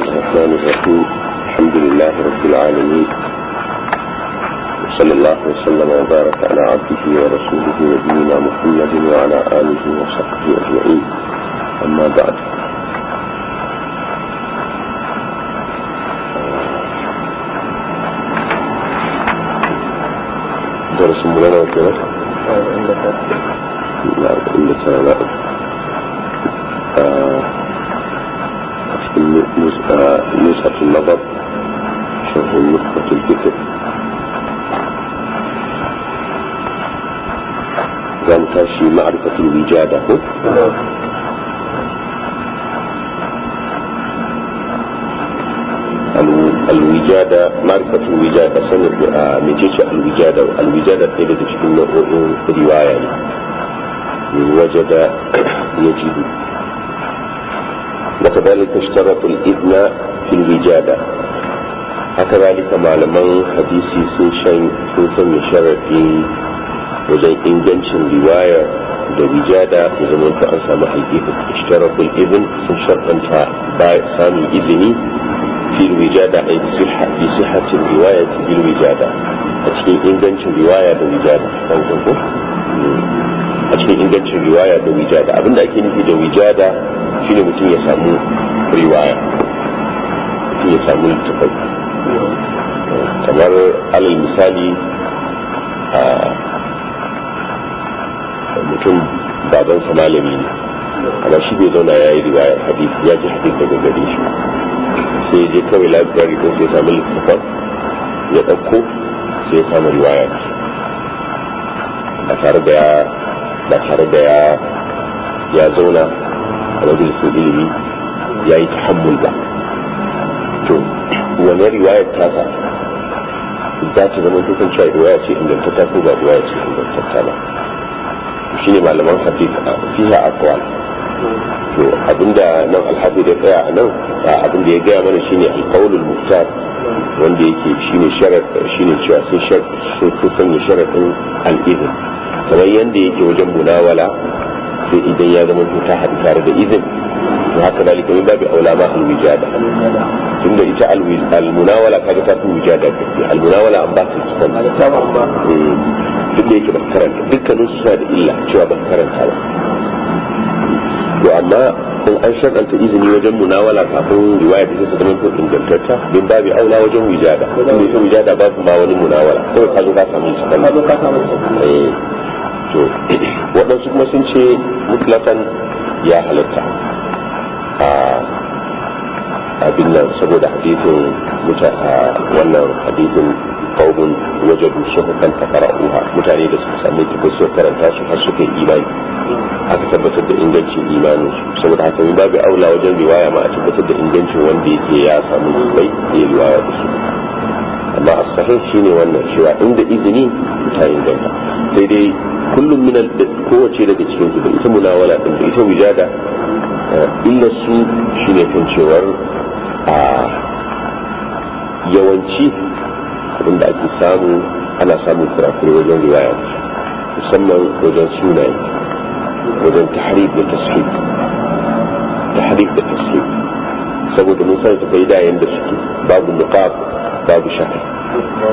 الرحمن الرحيم الحمد لله رب العالمين وصلى الله وسلم وبارك على عبده ورسوله نبينا محمد وعلى آله وصحبه أجمعين أما بعد درس مولانا وكذا آه، عندك لا عندك نسخة النظر شرح نسخة الكتب كان تاشي معرفة الوجادة الوجادة معرفة الوجادة سنة آه، مجيش الوجادة الوجادة تيلة تشكل رواية من وجد يجد وكذلك اشترطوا الإذن في الوجادة هكذلك معلمان حديثي سنشن سنسن شرفي وزي إنجنشن رواية da wijada ya zama ta an samu ishtarakul ibn sun ba samun izini fil wijada bil wijada a cikin ingancin riwaya da wijada a cikin ingancin riwaya da wijada abinda ake nufi da wijada ne mutum ya samu riwaya mutum ya samu littafai kamar alal misali a mutum baban malami ne amma shi bai zauna ya yi riwaya hadith ya ji hadith daga gare shi sai je kawai labirari ko sai samu littafai ya ɗauko sai ya samu riwaya ba tare da tare da ya ya zauna majalisun ilimi ya yi tahammul ba to wani riwayar tasa za ta zama kusan cewa riwaya ce ingantata ko ba riwaya ce ingantata ba shi ne malaman hadith a fiha aqwal to abinda nan alhafi da tsaya a nan abinda ya gaya mana shine alqaulul muhtar wanda yake shine sharad shine cewa sun shar sai kusan ya al Ibn kamar yanda yake wajen munawala sai idan ya zama ta haɗu tare da izin to haka dalika min babu aula ma alwijada tunda ita almunawala kaga ta fi wijada kafi almunawala an ba ta cikin duk da yake ba karanta dukkanin su suna da illa cewa ba karanta ba to amma in an shakanta izini wajen munawala kafin riwaya ta su zama tun ingantatta din babu aula wajen wijada tunda ita wijada ba su ma wani munawala kawai ka zo ka samu cikin to waɗansu kuma sun ce mutlakan ya halatta abin nan saboda hadithin wannan hadithin kaumun wajadu takara tafara'uha mutane da suka sami ta su karanta su har suka yi imani aka tabbatar da ingancin imanin su saboda haka in babu aula wajen riwaya ma a tabbatar da ingancin wanda yake ya samu bai ya riwaya da su amma a sahih shine wannan cewa inda izini mutane inganta sai dai kullum min kowace daga cikin su ita munawala din da ita wujada. Eh, illa su shine kan cewar a yawanci abinda ake samu ana samun kurakure wajen riwaya musamman wajen sunaye wajen tahrif da tasrif tahrif da tasrif saboda mun san tafai da yanda suke babu nuqab babu shahar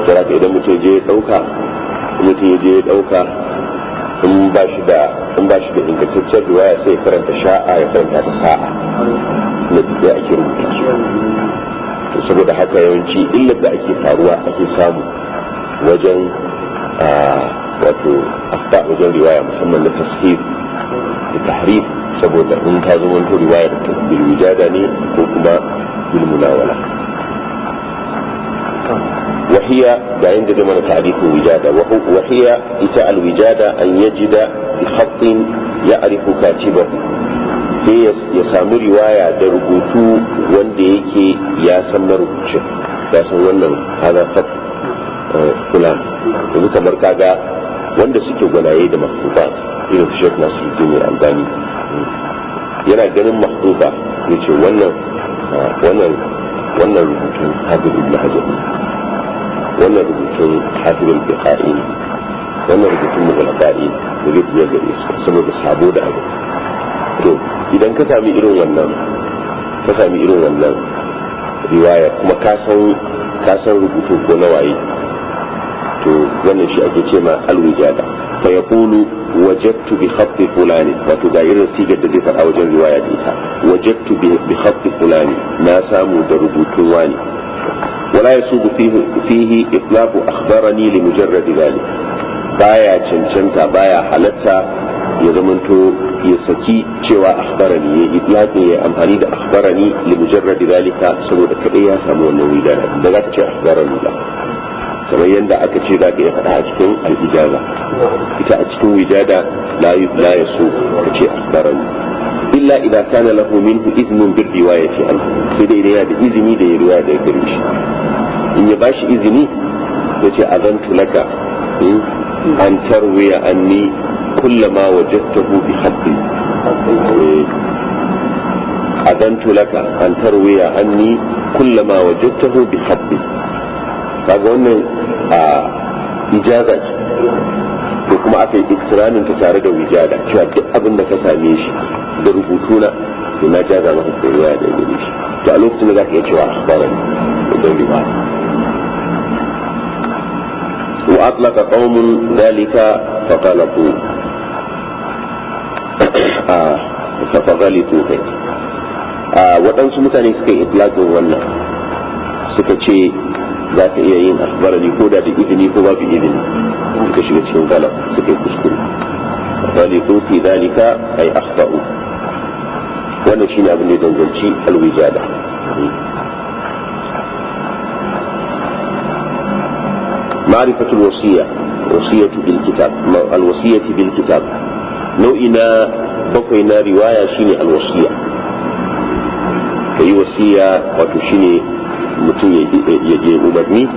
saboda idan mutum je ya dauka mutum ya je ya dauka in ba shi da ingantaccen ruwa ya riwaya sai karanta sha'a ya karanta ta sa'a na tafiya ake rubuta to saboda haka yawanci illar da ake faruwa ake samu wajen wato afta wajen riwaya musamman na tasir da tahrif saboda in ka zo wani riwayar ta da ne ko kuma bilmunawala. وهي بعين دمنا تعريف الوجادة وهي إتاء الوجادة أن يجد بخط يعرف كاتبه sai ya samu riwaya da rubutu wanda yake ya san marubucin ya san wannan hana fat kula eh, yanzu kamar kaga wanda suke gwanaye da mahtufa irin yana ganin mahtufa ya ce ah, wannan wannan wannan rubutu hajjar wannan rubutun hatimin biqa'i wannan rubutun mughlaqa'i da zai iya gare su saboda sabo da abu to idan ka sami irin wannan ka sami irin wannan riwaya kuma ka san ka san rubutu ko na waye to wannan shi ake ce ma alwijada fa yaqulu wajadtu bi khatti fulani wato ga irin sigar da zai faɗa wajen riwaya da ita wajadtu bi khatti fulani na samu da rubutun wani ولا يسوق فيه فيه إطلاق أخبرني لمجرد ذلك بايا تشنشنتا بايا حلتا يزمنتو يسكي شوى أخبرني إطلاقي أمهني دا أخبرني لمجرد ذلك سبوة كريا سمو النوي دا أخبرني لا kamar yadda aka ce za ka iya a cikin al'ijaza ita a cikin wijada la la ya so ka ce akbaran illa idan kana lahu minhu iznun bir riwayati yana da izini da ya da gare in ya bashi izini ya ce azantu laka eh, an tarwiya anni kullama wajadtahu bi haqqi eh, azantu laka an tarwiya anni kullama wajadtahu bi haqqi kaga wannan a ijaza ko kuma aka yi iktiranin ta tare da wijada cewa duk abin da ka same shi da rubutu na to na jaza maka koyuwa da gare shi to a lokacin da za ka iya cewa a da ba أطلق قوم ذلك هيك waɗansu mutane suka yi itlaƙin wannan suka ce za iya yin akbarani ko da da izini ko babu izini suka cikin galab suka kuskure في ذلك أي أخطأوا wannan shine abin da ya alwijada معرفة الوصية وصية بالكتاب الوصية بالكتاب لو إنا بقينا رواية شيني الوصية كي وصية وتشيني متي يجي أمدني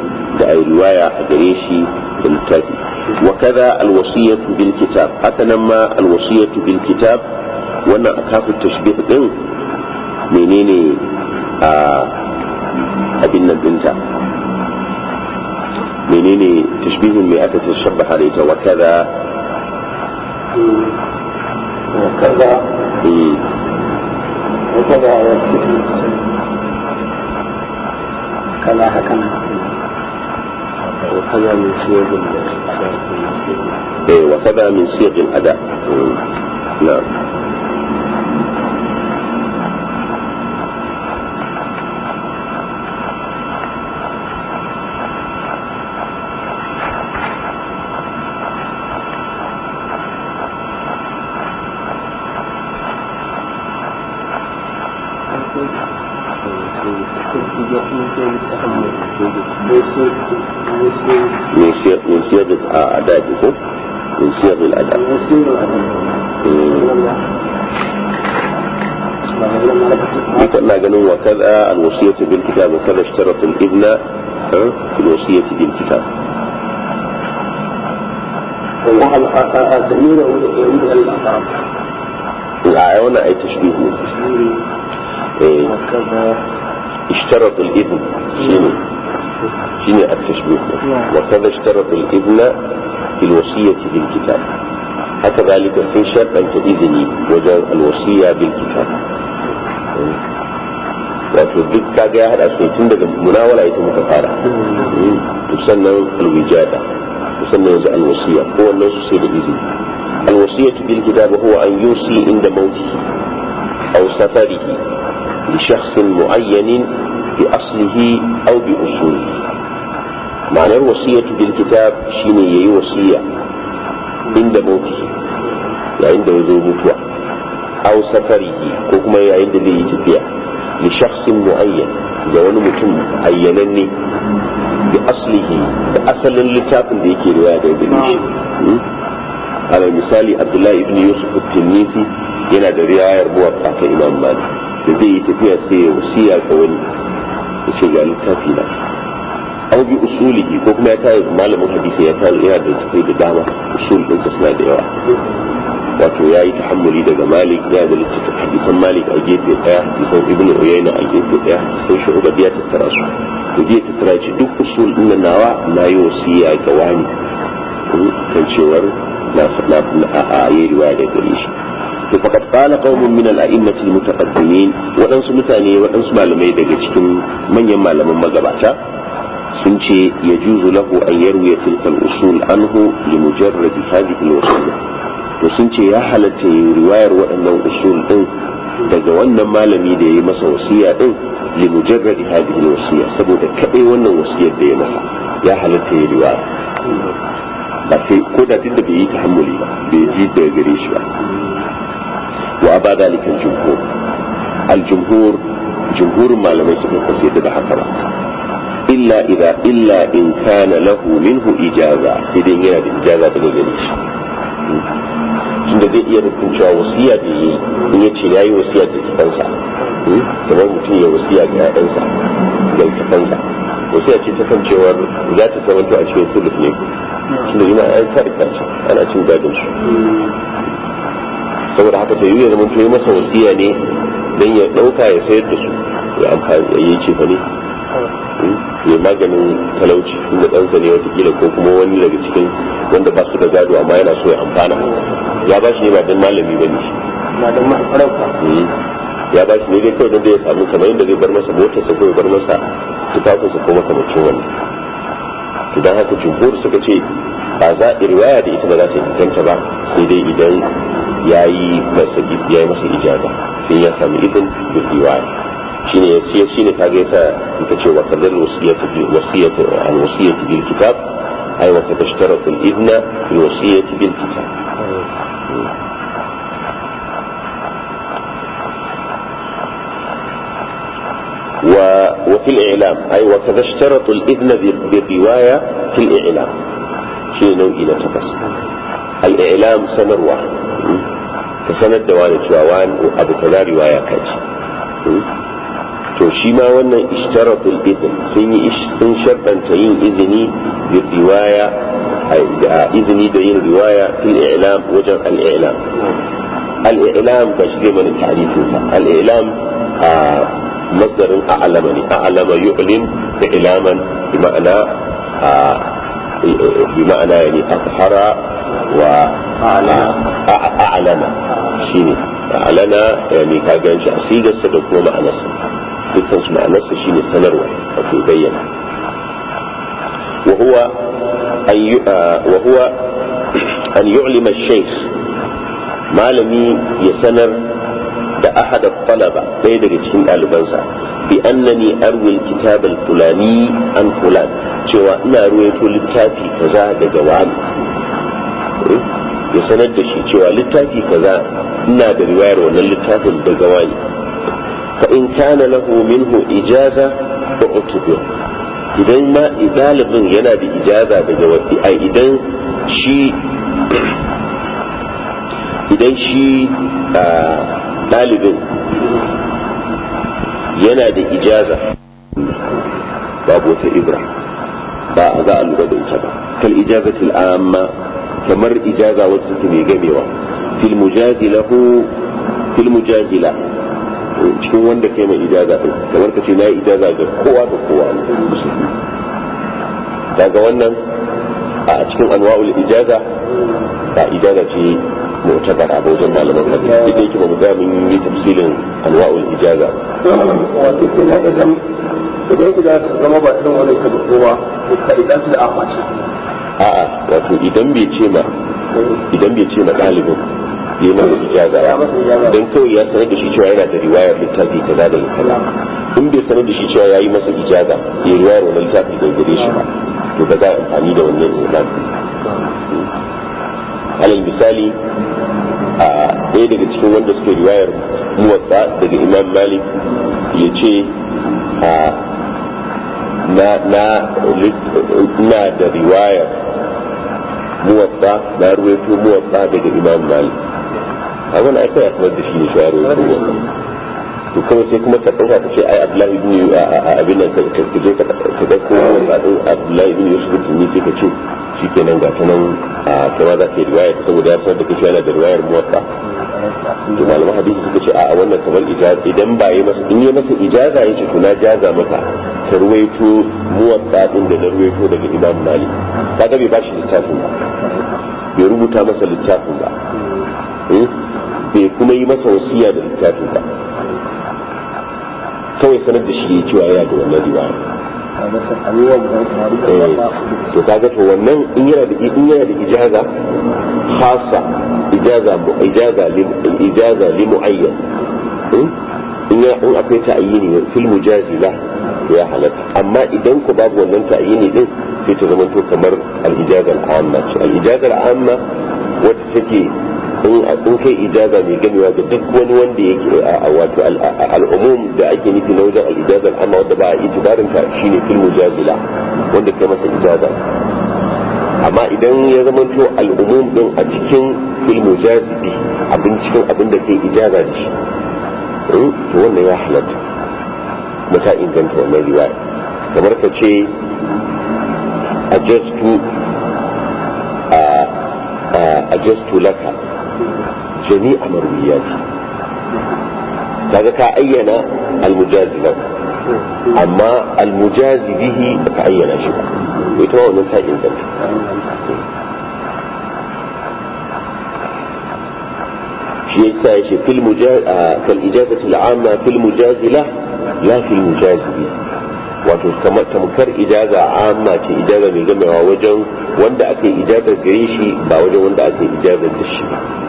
دعي رواية أدريشي بالكتاب وكذا الوصية بالكتاب أتنمى الوصية بالكتاب وانا أكاف التشبيح دين منيني آه، أبنى البنتا منين تشبيه المئات الشبه عليك وكذا وكذا وكذا وكذا هكذا وكذا من سياق الأداء إيه وكذا من سياق الأداء نعم الكتاب وكذا اشترط الابن في الوصية بالكتاب الدليل يمكن أي تشبيه إيه. اشترط الابن شنو شنو التشبيه وكذا اشترط الابن في الوصية بالكتاب هكذلك في شرط أن تإذني وجاء الوصية بالكتاب wato duk kaga ya hada su tun daga munawala ita muka fara to sannan alwijada to sannan yanzu alwasiya ko wannan su sai da izini alwasiya bil kitab huwa an yusi inda mauti aw safarihi li shakhsin mu'ayyanin bi aslihi aw bi usulihi ma'anar wasiya bil kitab shine yayi wasiya inda mauti yayin da ya zo mutuwa aw safarihi ko kuma yayin da zai yi tafiya li shakhsin mu'ayyan ga wani mutum ayyananne bi aslihi da asalin littafin da yake riwaya da ibn alal misali abdullahi ibn yusuf at-tinisi yana da riwayar muwatta ta imam malik da zai yi tafiya sai ya wasiya ga wani ya ce ga littafi na aw bi ko kuma ya tayi malamin hadisi ya tayi yana da tafi da dama usul din suna da yawa wato ya yi tahammuli daga malik ya da littattafan hadisan malik a gefe daya hadisan ibn uyayna a gefe daya sai shu'uba ta tara su to ta tara ce duk usul din nawa na yi wasiya ga wani kan cewar na na a yi riwaya da gare shi to faqad qala qaumun min al-a'immati al-mutaqaddimin wadansu mutane wadansu malamai daga cikin manyan malaman magabata sun ce ya juzu lahu an yarwiya tilka al-usul anhu li mujarrad hadhihi al-wasiyah to sun ce ya halatta yi riwayar waɗannan usul ɗin daga wannan malami da ya yi masa wasiya din li mujarradi hadhihi wasiya saboda kadai wannan wasiyar da ya masa ya halatta yi riwaya ba sai ko da tunda bai yi tahammuli ba bai ji daga gare shi ba wa ba dalikan jumhur al jumhur jumhur malamai suka yadda da haka ba illa idza illa in kana lahu minhu ijaza idan yana da ijaza daga gare shi tunda zai iya rubutun cewa wasiya da yi in ya ce ya yi wasiya da kifansa hmm? kamar mutum ya wasiya ga ƴaƴansa da kifansa wasiya ce ta kan cewar za ta zama a cikin sulus ne tunda yana ƴan sarƙa ce ana cin gadon shi saboda haka sai ya zama to masa wasiya ne don ya ɗauka ya sayar da su ya amfani ya yi ce fa ne hmm? ya maganin talauci inda ɗansa ne watakila ko kuma wani daga cikin wanda ba su da gado amma yana so ya amfana ya ba shi ne ba don malami ba ne ba don masarauta eh, ya ba shi ne dai kawai da ya samu kamar yadda zai bar masa motar ko kawai bar masa tufafinsa ko makamacin wani to don haka jumhur suka ce ba za a riwaya da ita ba za ta kanta ba sai dai idan ya yi masa ya ijaba sai ya sami izin da riwaya shine ya ce kaga yasa ita ce wa kallar wasiyatu wasiyatu al wasiyatu bil kitab wa idna bil bil kitab وفي الإعلام أي وكذا اشترط الإذن بالرواية في الإعلام في نوعي نتفس الإعلام سمر واحد فسنة دوان تواوان وأبو فلا رواية كاتا توشي ما وانا اشترط الإذن سيني اشترط اذني بالرواية إذن يدعين الرواية في الإعلام وجه الإعلام الإعلام من التعريف الإعلام آه، مصدر أعلم أعلم يعلم إعلاما بمعنى آه، بمعنى يعني أظهر و آه، أعلم شيني أعلن يعني كاجان شخصية سبب معنى سبب بالتنس معنى سبب شيني سنروي أو بينا وهو أن وهو أن يعلم الشيخ ما لم يسنر da ahada talaba ɗaya daga cikin ɗalibansa bi annani arwil kitab fulani an fulan cewa ina ruwaito littafi kaza daga wani ya sanar da shi cewa littafi kaza ina da riwayar wannan littafin daga wani fa in kana lahu minhu ijaza fa utubiru idan ma ɗalibin yana da ijaza daga idan shi idan shi ɗalibin yana da ijaza babu wata ibra ba a za a lura da ita ba kal ijazatul amma kamar ijaza wacce take mai gamewa fil mujadilahu fil mujadila cikin wanda kai mai ijaza din kamar ka ce na yi ijaza ga kowa da kowa musulmi daga wannan a cikin anwa'ul ijaza ba ijaza ce mu'tabar a wajen malaman hadisi duk da yake ba mu ga mun yi tafsirin anwa'ul ijaza wato ke da idan zama ba irin wani ta kowa ka idan ta da a'a wato idan bai ce ma idan bai ce ma ɗalibin yi masa ijaza ya don kawai ya sanar da shi cewa yana da riwayar littafi ta da kaza in bai sanar da shi cewa ya yi masa ijaza ya riwayar wani littafi da gare shi ba to ba za a amfani da wannan ilan alal misali a ɗaya daga cikin wanda suke riwayar muwatsa daga imam malik ya ce na da riwayar muwatsa na ruwaito muwatsa daga imam malik abin a kai aika ya da shi ne shi yaro ya to kuma sai kuma ka ɗauka ta ce ai abdullahi bin a abin nan ka je ka ko ɗauko ɗin abdullahi bin yusuf bin tumi sai ka ce shi kenan ga ta nan a kama za ka yi riwaya ta saboda ya sanar da kashi yana da riwayar muwatta to malaman hadisi suka ce a wannan kamar ijaza idan ba yi masa in yi masa ijaza ya ce to na jaza maka ka ruwaito muwatta ɗin da na ruwaito daga imam mali ka ga bai ba shi littafin ba bai rubuta masa littafin ba hmm? bai kuma yi masa wasiya da littafi ba kawai sanar da shi ya cewa yana da wannan riwaya eh, to kaga to wannan in yana da in yana da ijaza khassa ijaza ijaza ijaza li muayyan hmm? in ya in akwai ta'ayyini fil mujazila ya halatta amma idan ku babu wannan ta'ayyini din sai ta zama to kamar al ijaza al amma al ijaza al amma wacce take in kai ijaza mai ganewa ga duk wani wanda yake wato al'umum da ake nufi na wajen al'ijaza amma wanda ba a itibarin ta shine filmu jazila wanda kai masa ijaza amma idan ya zama to al'umum din a cikin filmu jazibi abin cikin abin da kai ijaza da shi hmm, to wannan ya halatta mata inganta wannan riwaya kamar ka ce a just to a just to laka جميع مروياته هذا تعين له أما المجاز به تعين شيء ويتواء من تعين ذلك شيء سايش في المجاز آه العامة في المجاز له لا في المجاز به wato tamkar ijaza amma ce ijaza mai gamewa wajen wanda aka yi ijazar gare shi ba wajen wanda aka yi ijazar da shi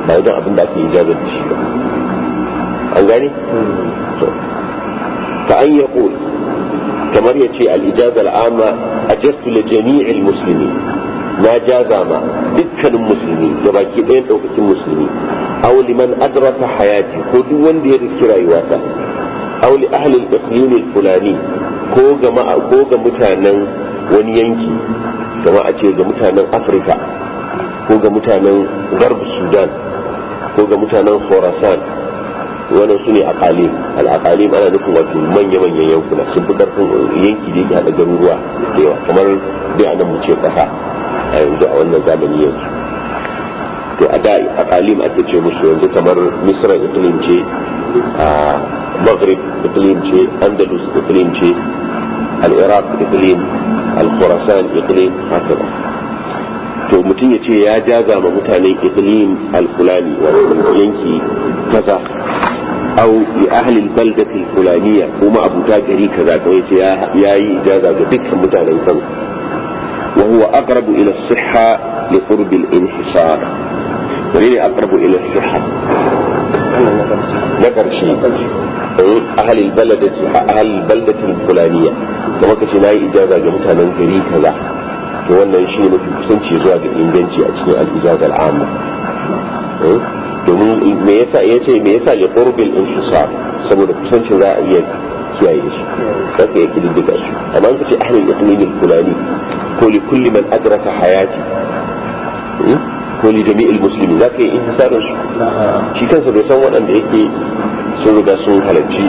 ba wajen abin da aka yi ijazar da shi ba an gane? ta an ya kamar ya ce al'ijazar amma a jastu da jami'il musulmi na jaza ma dukkanin musulmi da baki ɗayan ɗaukakin musulmi aw liman adraka hayati ko duk wanda ya riski rayuwata aw ahalin ahli al-iqlim al-fulani ko ga ko ga mutanen wani yanki kama a ce ga mutanen afirka ko ga mutanen Garba sudan ko ga mutanen khorasan wannan su ne akali al'akalim ana nufin wato manya-manyan yankuna sun fi karfin yanki da yake haɗa garuruwa da yawa kamar bai a nan mu ce ƙasa a yanzu a wannan zamani yanzu to a da akalim ake ce musu yanzu kamar misra da ce a maghrib da ce andalus da ce العراق إقليم الخراسان إقليم هكذا to mutum ya ce ya jaza ma mutanen iklim alfulani wato yanki kaza au li ahlil baldati alfulaniya kuma abuta gari kaza kawai ce ya yi ijaza ga dukkan mutanen kan wa huwa aqrabu ila as-sihha li qurbi al-inhisar wani ne aqrabu ila as-sihha na karshe a أهل البلدة أهل البلدة الفلانية كما كشنا إجازة جمتا من غري كذا wannan shi ne kusanci zuwa ga inganci a cikin al'ijaza al'amma eh? domin me yasa ya ce me yasa ya qurbil inhisar saboda kusancin za a iya kiyaye shi saka ya kididdiga shi amma ka ce ahlul iqlim al-fulani ko li kulli man adraka hayati eh? ko li jami'il muslimin zaka yi inhisarin shi shi kansa bai san waɗanda yake sun riga sun halarci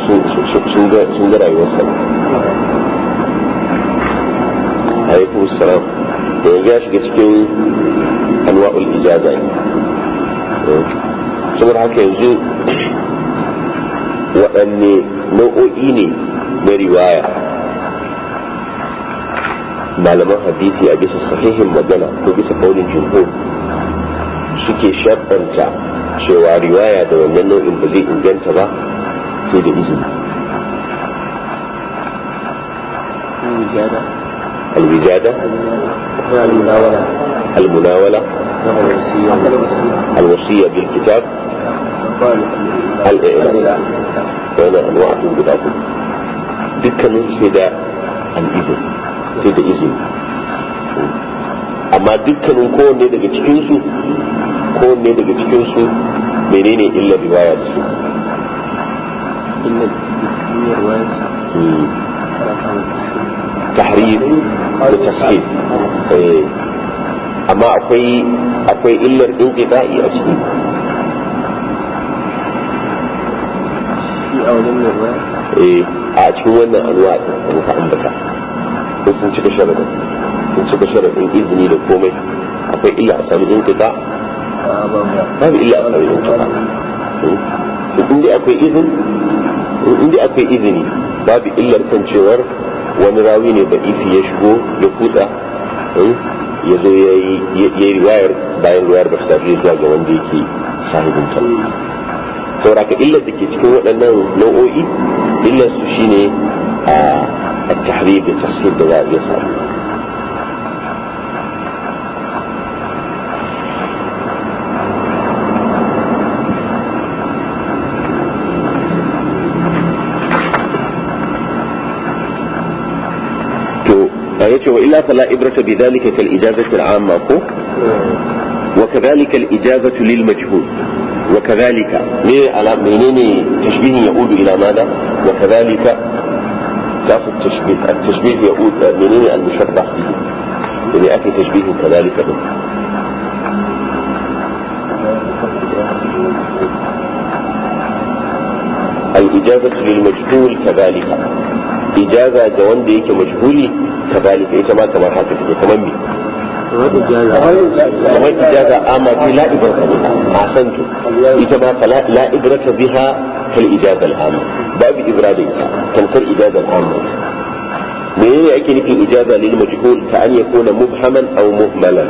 sun ga rayuwarsa alaikun salam da yanzu ya shiga cikin anwa'ul ijaza ne saboda haka yanzu waɗanne nau'o'i ne na riwaya malaman hadisi a bisa sahihin magana ko bisa kaunin jumhur suke shaɗanta cewa riwaya da wannan nau'in ba zai inganta ba sai da izini الوجادة المناولة الوصية بالكتاب الإعلام وأنا أنواع بدعة دكا سيدا الإذن سيدا إذن أما دكا نكون daga cikinsu. ko ne daga cikinsu su menene illa riwaya da su illa cikin riwaya hmm. tahrim da tashhid eh. amma akwai akwai illar inqita'i a ciki a wajen eh, a cikin wannan alwa da muka ambata sun cika sharadin sun cika sharadin izini da komai akwai illa a sami inqita' babu illa amana bil mutlaq inda akwai izini inda akwai izini babu illar kan cewar wani rawi ne da ifi ya shigo ya kutsa eh, ya zo ya yi riwayar bayan riwayar ba ta zuwa ga wanda yake sahibin ta ka illa da ke cikin waɗannan nau'o'i illar su shine a ah, tahrir da tasir da za a iya samu يتي وإلا فلا إبرة بذلك كالإجازة العامة وكذلك الإجازة للمجهول وكذلك منين تشبيه يؤود إلى ماذا وكذلك كاف التشبيه التشبيه يؤود منين المشبه فيه يعني أتي تشبيه كذلك منه الإجازة للمجهول كذلك إجازة جوان كمجهولي كذلك إذا ما كمان حتى في كمان مين كمان إجازة أما في لا إبرة بها أحسنت إذا ما فلا لا إبرة بها الإجازة العامة باب إبرة تنكر إجازة العامة من ake nufin في إجازة للمجهول كأن يكون مبهما أو مهملا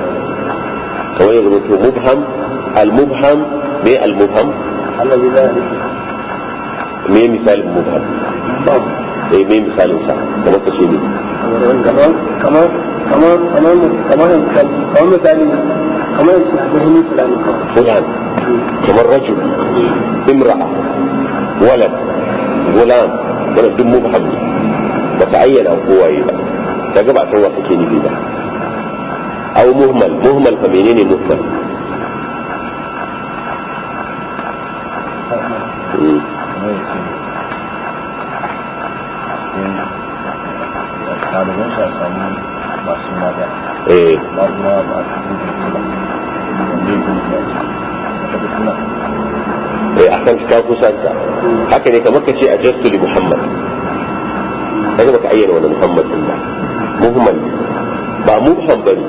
muhmalan kamar مبهم المبهم mubham المبهم؟ الذي لا al mubham me misalin ايه مين مثاله مثال كمان كمان كمان كمان كمان كمان كمان كمان مثالي كمان شبهني فلان كمان رجل امرأة ولد غلام ولد دمه محمد وتعين او هو ايه بقى فجمع سوا تكيني او مهمل مهمل فمنين المهمل Eh. eh a kan ka kusanta haka ne kamar ka ce a jastu li muhammad kaga baka ayyana wani muhammad din ba muhammad ba muhammad bane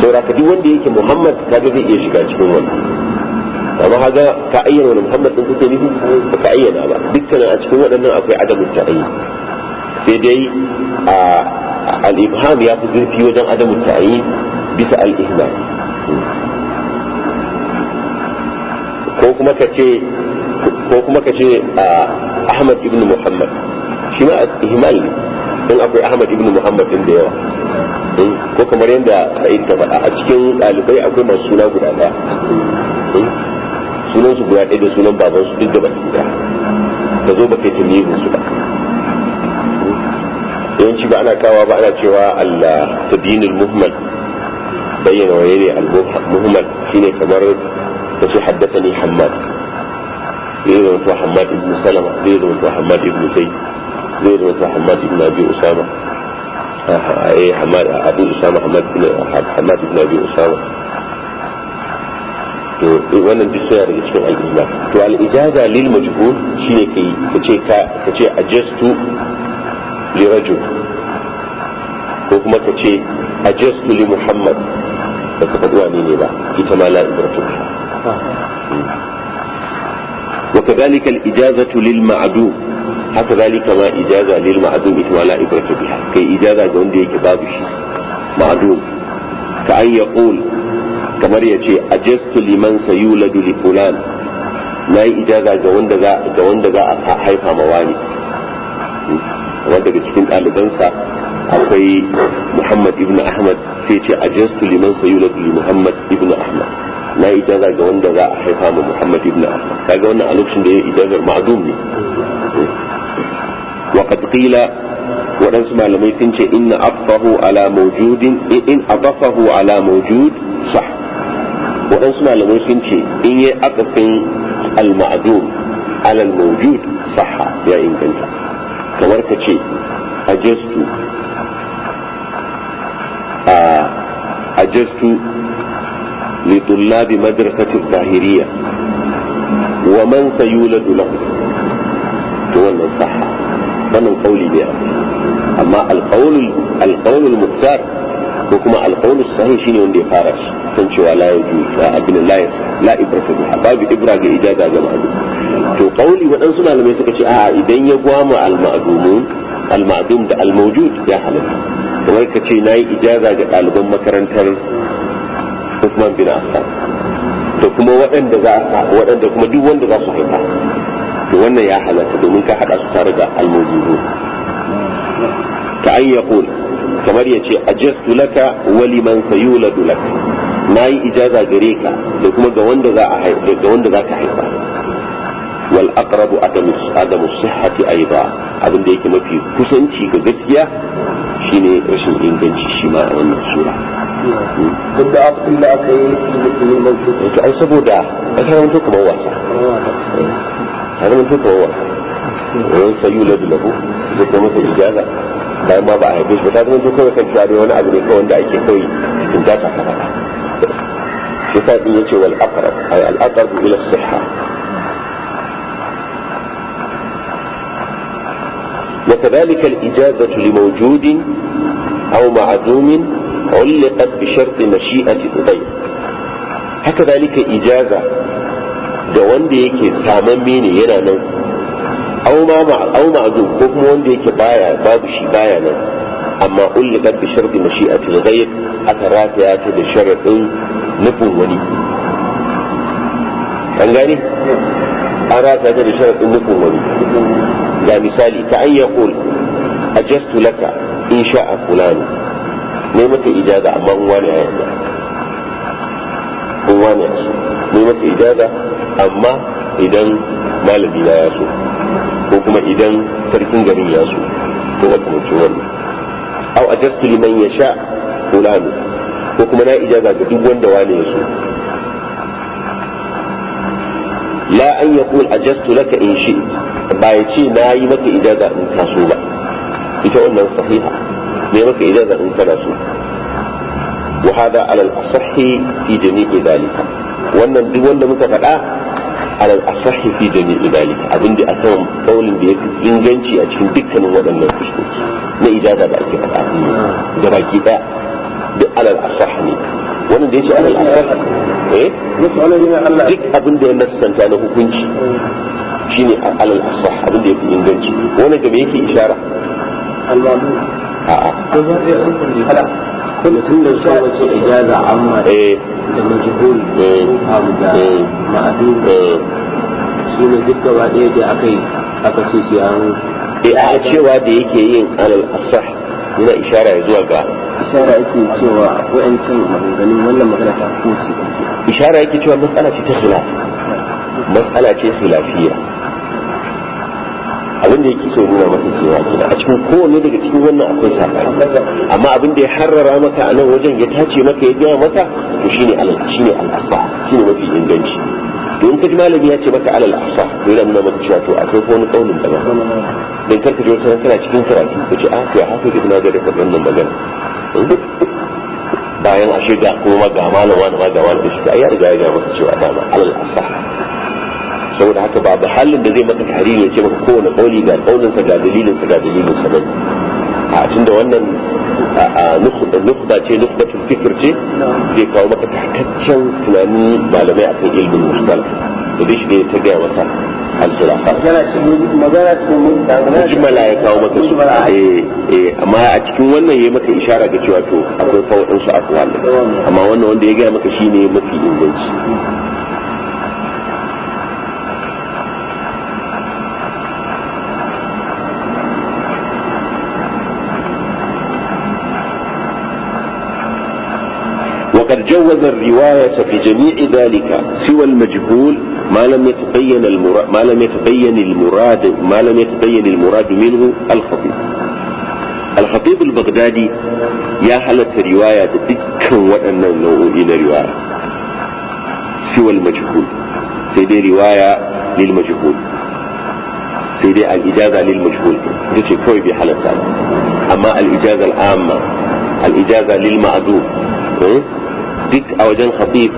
saboda ka duk wanda yake muhammad kaga zai iya shiga cikin wannan amma haga ka ayyana wani muhammad din kuke nufi ba ka ayyana ba dukkanin a cikin waɗannan akwai adamin ta'ayyi sai dai a al-ibham ya fi zurfi wajen adamu ta'yi bisa al-ihmal ko kuma ka ce ko kuma ka ce Ahmad ibn Muhammad shi ma ihmal in akwai Ahmad ibn Muhammad din da yawa eh, ko kamar yadda Sa'id ta faɗa a cikin ɗalibai akwai masu suna guda ɗaya eh, sunan su guda ɗaya da sunan baban su duk da baki ɗaya ka zo ba kai tamizu su ba yawanci ba ana kawa ba ana cewa Allah ta tadinul muhmal bayyana waye ne al-muhmal shine kamar da ta ce haddathani Hammad zai zama to Hammad ibn Salama zai zama to Hammad ibn Zayd zai zama to Hammad ibn Abi Usama eh Hammad Abu Usama Hammad ibn Hammad ibn Abi Usama to wannan duk suna daga cikin al-ijaz to al-ijaza lil majhul shine kai kace ka kace ajastu لرجل وكما تشي أجزت لمحمد فكفدواني لنا كتما لا إبرتك وكذلك الإجازة للمعدوم haka zalika ma ijaza lil ma'dum ita wala ibrata biha kai ijaza ga babu shi ma'dum ka an yaqul kamar yace ajastu liman sayuladu li fulan nayi ijaza ga wanda za a haifa ma wanda daga cikin ɗalibansa akwai muhammad ibn ahmad sai ce a ajastu liman sayulatu li muhammad ibn ahmad na ijaza ga wanda za a haifa ma muhammad ibn ahmad kaga wannan a lokacin da ya ijazar ma'dum ne wa qad qila waɗansu malamai sun ce inna afahu ala mawjudin in afahu ala mawjud sah waɗansu malamai sun ce in yi aqafin al ma'dum ala al mawjud sahha ya inganta kamar ka ce a ajastu a ajastu li bi madrasati zahiriya wa man sayuladu lahu to wannan sahha wannan kauli ne amma alqaulul alqaulul muhtar ko kuma alqaulus sahih shine wanda ya fara shi kan cewa la yaju la abin la la ibrata bi babu ibra ga ijaza ga ma'adu to kauli waɗansu malamai suka ce a idan ya gwama al-ma'dumun al-ma'dum da al-mawjud ya halatta kamar ka ce nayi ijaza ga ɗaliban makarantar Usman bin Affan da kuma waɗanda za a waɗanda kuma duk wanda za su haifa to wannan ya halatta domin ka haɗa su tare da al-mawjudun ka an ya yaqul kamar ya yace ajastu laka wa liman sayuladu na yi ijaza gare ka da kuma ga wanda za ka haifa wal aqrabu adamu adamu sihhati aiba abin da yake mafi kusanci ga gaskiya shine rashin inganci shi ma a wannan sura duk da abin da aka yi inganci to ai saboda ai kana to kamar wasa kana to kamar wasa wani sayu masa ma ba a haife shi ba ta zama to kawai kan cewa wani abu ne kawai wanda ake kawai cikin data kamar shi sa din yace wal aqrab ay al aqrab ila sihha وكذلك الإجازة لموجود أو معدوم علقت بشرط مشيئة الغير هكذلك إجازة دوان ديك سامن بين ينانا أو ما مع أو معدوم كم وان بايا باب شي بايا أما علقت بشرط مشيئة الغير أتراتيات بشرط نفو وني أنجاني أراتيات بشرط نفو وني ga misali ka an yaqul ajastu laka in sha'a fulani ne maka ijaza amma in wani ya yarda in wani ya so ne maka ijaza amma idan malami na ya so ko kuma idan sarkin garin ya so ko wata mutum wannan au ajastu liman yasha fulani ko kuma na ijaza ga duk wanda wani ya so لا أن يقول أجزت لك in شئت ba ya ce na yi maka ijaza in ka so ba ita wannan sahiha me maka ijaza in kana so wa hada alal asahi fi jami'i dalika wannan duk wanda muka faɗa alal asahi fi jami'i dalika abin a aka yi kaulin da ya fi inganci a cikin dukkanin waɗannan fuskoki na ijaza da ake faɗa a da baki ɗaya duk alal asahi ne wannan da ya ce alal asahi eh duk abin da ya nasanta na hukunci shine alal asah abin da yake inganci wannan ga me yake ishara a'a ko za ka yi hada kuma tun da shi wace ijaza amma da eh. majhul eh hamu ma'adu eh, eh. shine duk gaba ɗaya da aka yi aka ce shi an eh, a cewa da yake yin alal asah yana ishara zuwa ga ishara yake cewa wa'ancin maganganun wannan magana ta kuce ishara yake cewa ce ta khilaf ce khilafiyya abin da yake so nuna maka cewa kina a cikin kowane daga cikin wannan akwai sabani amma abin da ya harrara maka a nan wajen ya tace maka ya gaya maka to shine alal shine al'asa shine mafi inganci to in kaji malami ya ce maka alal asa to yana nuna maka cewa to akwai ko wani kaunin daban dan karka ji wata kana cikin karatu ko ce a ah, to ya haka ibn da da wannan magana bayan a da kuma ga malama da ma ga shi ya riga ya ga maka cewa dama alal asa saboda haka babu halin da zai maka tarihi ya ce maka kowane kauli ga kaulinsa ga dalilinsa ga dalilinsa ne a tunda wannan nukba ce nukbatul fikir ce zai kawo maka takaccen tunani malamai akan ilmin mustalah da dai shi ne ta gaya maka al-khulafa magana ce mujmala ya kawo maka su eh, eh, amma a cikin wannan yayi maka ishara ga cewa to akwai fawadin su akwai amma wannan wanda ya gaya maka shine mafi inganci جوز الرواية في جميع ذلك سوى المجهول ما لم يتبين المراد ما لم يتبين المراد ما لم يتبين المراد منه الخطيب الخطيب البغدادي يا حالة رواية دكا وأن إلى رواية سوى المجهول سيدي رواية للمجهول سيدي الإجازة للمجهول تشي كوي بحالة أما الإجازة العامة الإجازة للمعدوم duk a wajen khatib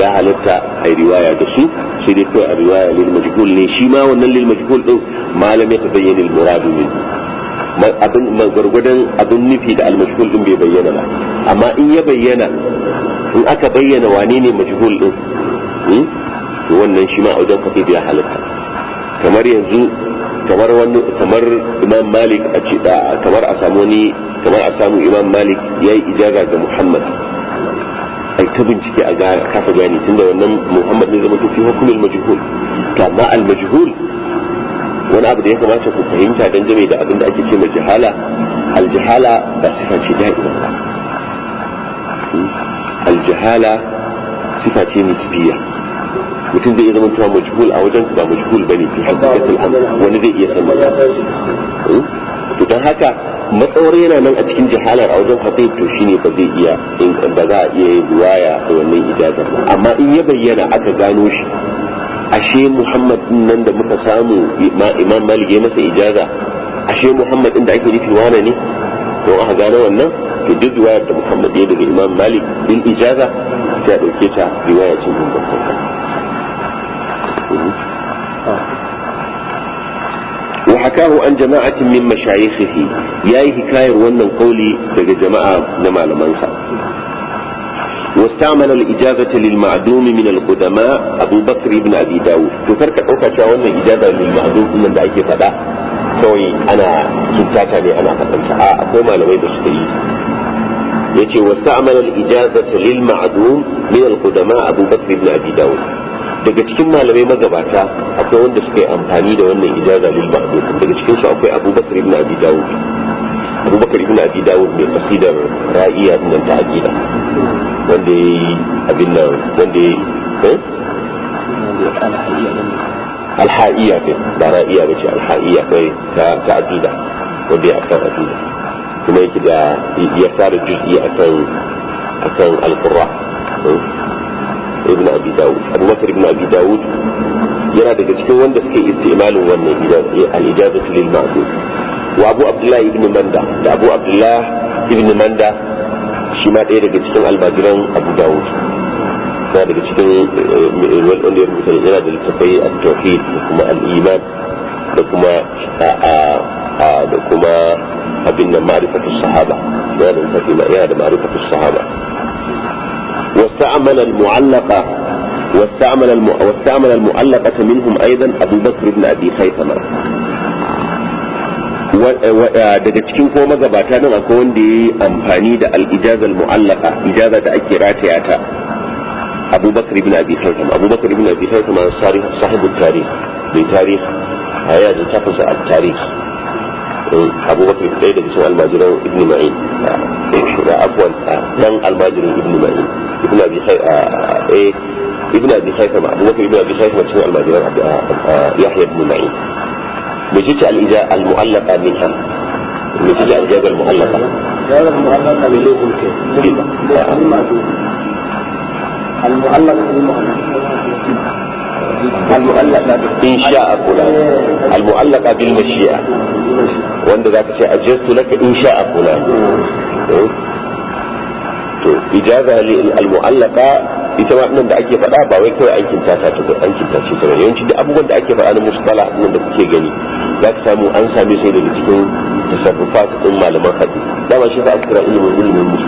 ya halatta a riwaya da su sai dai kawai a riwaya lil majhul ne shi ma wannan lil majhul din malam ya tabayyana al murad min abin gurgudan abin nufi da al majhul din bai bayyana ba amma in ya bayyana in aka bayyana wane ne majhul din hmm, to wannan shi ma a wajen khatib ya halatta kamar yanzu kamar wani kamar imam malik a kamar a samu ni kamar a samu imam malik yayi ijaza ga muhammad ai ta bincike a ga kasa gani da wannan muhammad ne zama fi hukumul majhul to amma al majhul wani abu da ya kamata ku fahimta dangane da abin da ake ce jihala aljihala ba sifa ce da'ima ba aljihala sifa ce nisbiya mutum zai iya zama tuwa majhul a wajen ba majuhul ba ne fi hakikatul amr wani zai iya san maka hmm? to don haka matsawar yana nan a cikin jihalar a wajen hafiz to shine ba zai iya ba za a iya yin ruwaya da wannan ijazar amma in ya bayyana aka gano shi ashe muhammad nan da muka samu imam malik ya masa ijaza ashe muhammad din da ake nufi wane ne don aka gano wannan to duk riwayar da muhammad ya daga imam malik bil ijaza sai a ɗauke ta riwaya ce mun hakahu an jama'atin min mashayikhihi yayi hikayar wannan kauli daga jama'a na malamansa واستعمل الإجابة للمعدوم من القدماء أبو بكر بن أبي داود تفرك أوكا شاوان إجابة للمعدوم من دعيك فدا سوي أنا سلطاتا لي أنا فتنسا أقوم على ويد السكري يتي واستعمل الإجابة للمعدوم من القدماء أبو بكر بن أبي داود daga cikin malamai magabata akwai wanda suka yi amfani da wannan ijaza lil ma'dud daga cikin su akwai abubakar ibn abi dawud abubakar ibn abi dawud mai kasidar ra'iya din ta aqida wanda yayi abin nan wanda yayi eh? alha'iya din da ra'iya bace alha'iya kai ta ta aqida wanda ya akan aqida kuma yake da ya fara juz'i akan akan alqur'an hmm? ibn abi dawud abubakar ibn abi dawud yana daga cikin wanda suke istimalin wannan eh, al-ijazatu lil ma'bud wa abu abdullah ibn manda da abu abdullah ibn manda shi ma ɗaya daga cikin almajiran abu dawud yana daga cikin eh, eh, wanda ya rubuta yana da littafai at-tauhid da kuma al-iman da kuma da kuma abin nan ma'rifatus sahaba yana da littafi yana da ma'rifatus sahaba واستعمل المعلقة واستعمل الم... واستعمل المعلقة منهم أيضا أبو بكر بن أبي خيثمة daga cikin ko magabata nan akwai wanda ya yi amfani da al-ijazal mu'allaqa, ijaza da ake rataya ta Abu Bakr ibn Abi Haytham Abu Bakr ibn Abi Haytham sarih sahibu tarikh bai tarikh aya da tafsir al-tarikh Abu Bakr ibn Abi Haytham almajirin Ibn Ma'in da afwan dan Ibn Ma'in ابن ابي خي... آه، آه، ايه ابن ابي خيثمه ابو بكر ابن ابي خيثمه اسمه المجنون آه، يحيى بن معين بجيت الاجابه المؤلفه منها بجيت الاجابه المؤلفه الاجابه المؤلفه للوجه المؤلفه إن شاء فلان المؤلفة بالمشيئة وأنت ذاك الشيء أجزت لك إن شاء فلان to ijaza al-mu'allaqa ita ma da ake faɗa ba wai kawai aikin ta ta aikin ta ce kawai yawanci duk abubuwan da ake faɗa na nan da kuke gani za ka samu an same sai daga cikin tasarrufa din malaman hadisi dama shi za a kira ilimin ilimin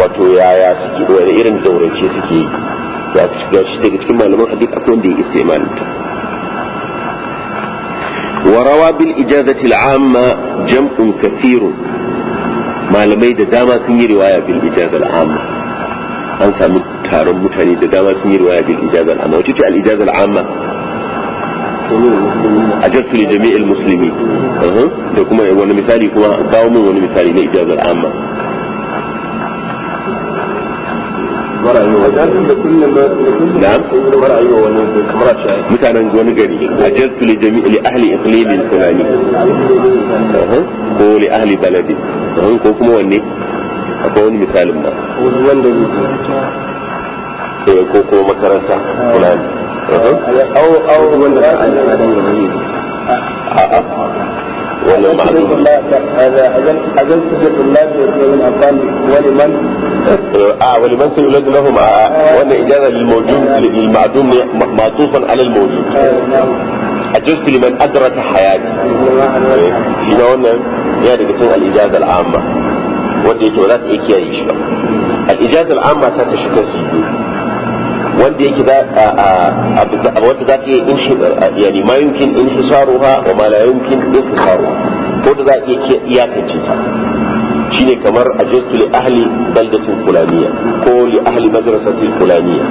wato yaya suke wani irin zaurance suke yi ya shi daga cikin malaman hadisi akwai wanda ya istimali ta العامة جمع كثير malamai da dama sun yi riwaya bil an samu taron mutane da dama sun yi riwaya bil ijaza al'amma wacce ce al jami'il da kuma wani misali kuma kawo min wani misali na ijaza al'amma mutanen wani gari a jastu li jami'i li ahli iqlimin fulani ko li ahli baladi ko kuma wanne akwai wani misalin ba ko ko makaranta fulani a'a ولمن اه سيولد لهم آه، آه. وان اجازه للموجود آه. للمعدوم معطوفا على الموجود نعم. اجزت لمن ادرك حياتي إيه، هنا وانا يا رجل الاجازه العامه ودي تورات ايكيا يشبه الاجازه العامه تاتي شكل wanda yake za a wanda za ta yi yani ma yankin in yumkin inhisaruha wa ma la yankin in yumkin inhisaruha ko da za a iya iyakance ta shine kamar a ajistu li ahli baldatin fulaniya ko li ahli madrasatin fulaniya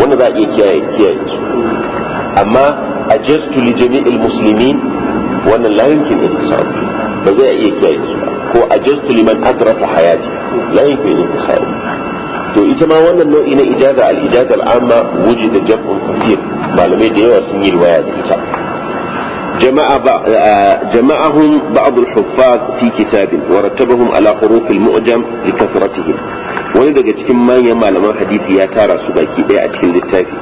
wanda za a iya kiyaye kiyaye su amma ajistu li jami'il muslimin wannan la yankin in yumkin inhisaru ba zai iya kiyaye su ko a ajistu man adrasa hayati la yankin yumkin inhisaru to ita ma wannan nau'i na ijaza al-ijaza al-amma wujida jam'un kathir malamai da yawa sun yi riwaya da ita جمعهم بعض الحفاظ في كتاب ورتبهم على حروف المعجم لكثرتهم wani daga cikin manyan malaman hadisi ya tara su baki ɗaya a cikin littafi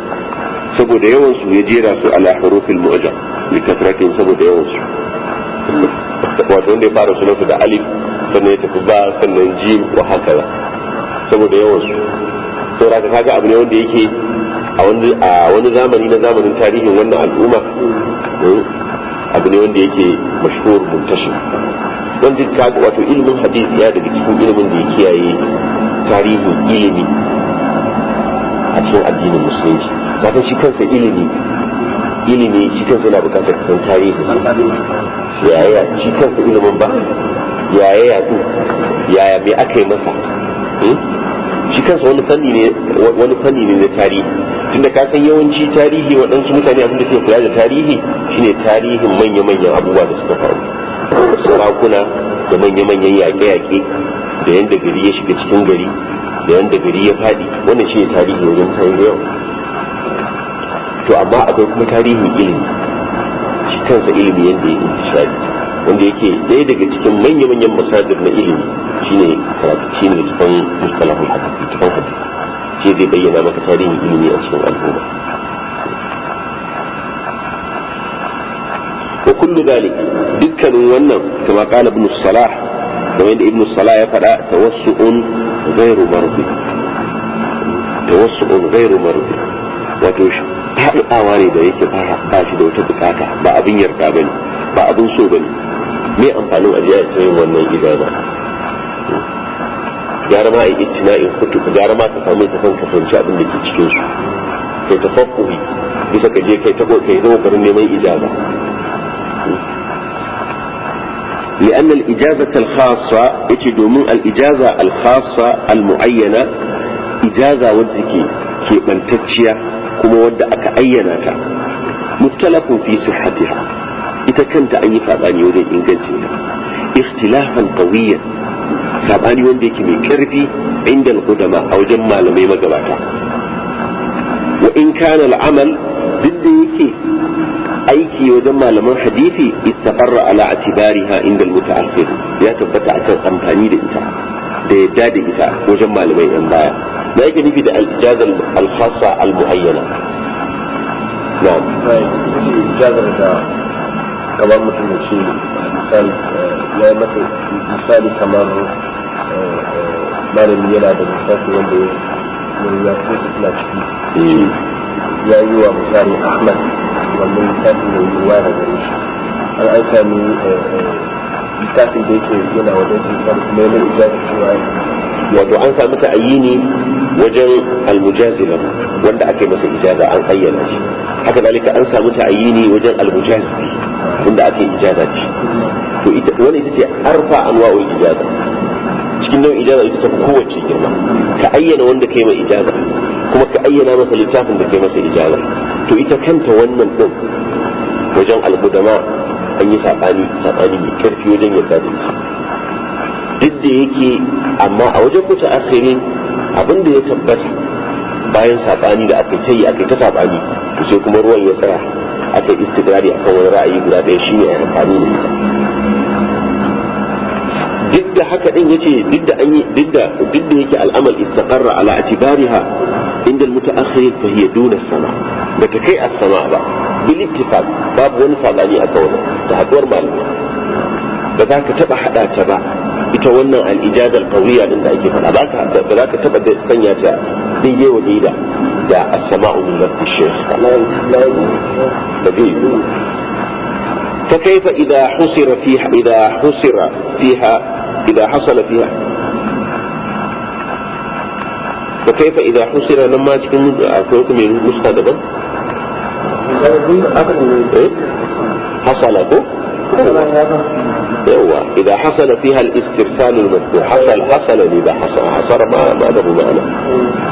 saboda yawan ya jera su ala hurufil mu'jam li kasratin saboda yawan su wanda ya fara sunan su da alif sannan ya tafi ba sannan jim wa haka saboda yawan su to ka kaga abu ne wanda yake a wani a wani zamani na zamanin tarihin wannan al'umma eh, abu ne wanda yake mashhur muntashi don jin kaga wato ilimin hadis ya daga cikin ilimin da ya kiyaye tarihin ilimi a cikin addinin musulunci zaka shi kansa ilimi ilimi shi kansa yana bukatar san tarihi yaya shi kansa ilimin ba yaya yadu yaya me aka yi masa eh? shi kansa wani fanni ne wani fanni ne na tarihi tunda ka san yawanci tarihi waɗansu mutane abin da ke kula da tarihi shine tarihin manya-manyan abubuwa da suka faru sarakuna da manya-manyan yaƙe-yaƙe da yanda gari ya shiga cikin gari da yanda gari ya faɗi wannan shine tarihi wajen tarihi yau to amma akwai kuma tarihin ilimi shi kansa ilimi yanda ya intishari wanda yake ɗaya daga cikin manya-manyan masajir na ilimi shine karatu shine cikin mustalahul hadisi cikin hadisi ce zai bayyana maka tarihin ilimi a cikin al'umma wa kullu dalik dukkanin wannan kama qala ibn salah kamar yadda ibn salah ya faɗa tawassu'un ghairu mardi tawassu'un ghairu mardi wato haɗawa ne da yake ba shi da wata bukata ba abin yarda bane ba abin so bane me amfanin ajiya ta yin wannan ibada gara ma a yi itina'in kutu gara ma ka samu ta fanka fahimci abin da ke cikin su kai ta fakkuhi bisa ka je kai ta kai zama kokarin neman ijaza لأن الإجازة الخاصة يتي دومن الإجازة الخاصة المعينة إجازة وزكي كي من تتشيا كما ودأك أيناتا مختلف في صحتها ita kanta an yi sabani wajen inganci ta ikhtilafan qawiyyan saɓani wanda yake mai karfi inda al-qudama a wajen malamai magabata wa in kana al-amal duk da yake aiki wajen malaman hadisi istaqarra ala atibariha inda al-mutaakhir ya tabbata kan amfani da ita da yadda da ita wajen malamai yan baya da yake nufi da al-ijazal al-khassa al na'am da kamar mutum ya ce misali na yi masa misali kamar malami yana da misali wanda ya mun ya fi su suna ciki ya yi wa misali ahmad wannan misali mai yiwuwa da gare shi an an sami misalin da yake yana wajen su kuma yana ijabi cewa wato an sami ta ayyini wajen almujazi lahu wanda aka yi masa ijaza an ayyana shi haka zalika an samu ta'ayi ne wajen almujazi wanda aka yi ijaza shi to ita wani ita ce arfa anwa'ul ijaza cikin nau'in ijaza ita ta kowace girma ka ayyana wanda kai mai ijaza kuma ka ayyana masa littafin da kai masa ijaza to ita kanta wannan din wajen al'udama an yi saɓani saɓani mai ƙarfi wajen yadda da duk da yake amma a wajen kuta akhirin abin da ya tabbata bayan saɓani da aka yi aka ta saɓani to sai kuma ruwan ya tsaya aka yi istigrari a wani ra'ayi guda ɗaya shi ne amfani da ita duk da haka din yace ce duk da yake al'amal istaqarra ala atibariha inda al-mutaakhir fa hiya duna sama da ta kai a sama ba bil babu wani saɓani a kawar ta haɗuwar malamai ba za ka taɓa haɗa ta ba ita wannan al'ijada kawiya din da ake faɗa ba ka ba za ka taɓa da sanya ta daidai wa daida da as-sama'u min rabbi shaykh da ta kaifa idza husira fiha idza husira fiha idza hasala fiha da kaifa idza husira nan ma cikin akwai kuma yawa idan hasala fi hal istirsalu al-madhu hasal hasala ne ba hasara hasara ma ma da ma'ana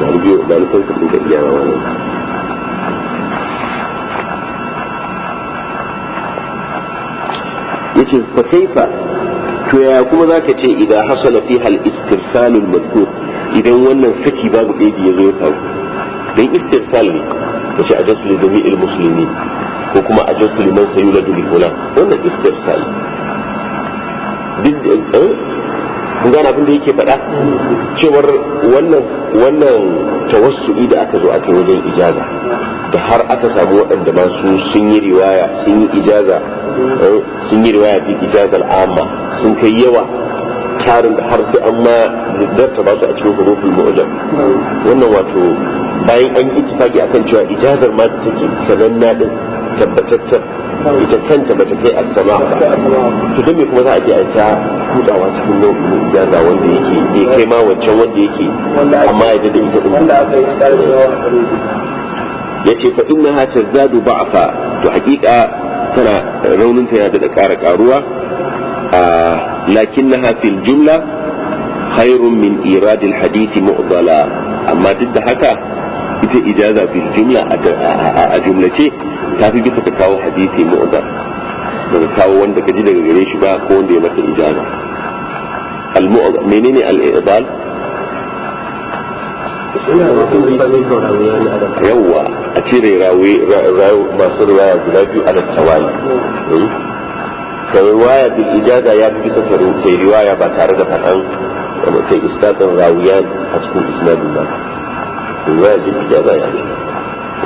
dan biyo dan kun kun da iya wannan yace fa kaifa to ya kuma zaka ce idan hasala fi hal istirsalu al-madhu idan wannan saki babu daidai yazo ya faru dan istirsal ne kace ajasu li jami'il muslimin ko kuma ajasu liman sayuladu li fulan wannan istirsal duk eh, gane abin da yake faɗa cewar wannan wannan tawassu'i da aka zo aka yi wajen ijaza da har aka samu waɗanda masu sun yi riwaya sun yi ijaza eh, sun yi riwaya fi ijaza amma sun kai yawa tarin da har sai an ma zarta ba su a cikin hurufin mu'jam wannan wato bayan an yi ittifaki akan cewa ijazar ma take sananna din tabbataccen ita kanta bata kai asama ba to don me kuma za a je a ta kudawa cikin nau'in ijaza wanda yake bai kai ma wancan wanda yake amma ya da ita din ya ce fa inna ha tazdadu fa to hakika tana raunin ta yana da ƙara ƙaruwa na fil jumla khairun min iradil hadithi mu'dala amma duk da haka ita ijaza bil jumla a jumlace ta fi bisa ta kawo hadisi mu'dar daga kawo wanda ka ji daga gare shi ba ko wanda ya masa ijaza al menene al-i'dal yawa a cire rawi masu riwaya guda biyu ala tawali tawayi riwaya bil ijaza ya fi bisa ta riwaya ba tare da faɗan kai istatin rawiyan a cikin isnadin ba الواجب إجابة يعني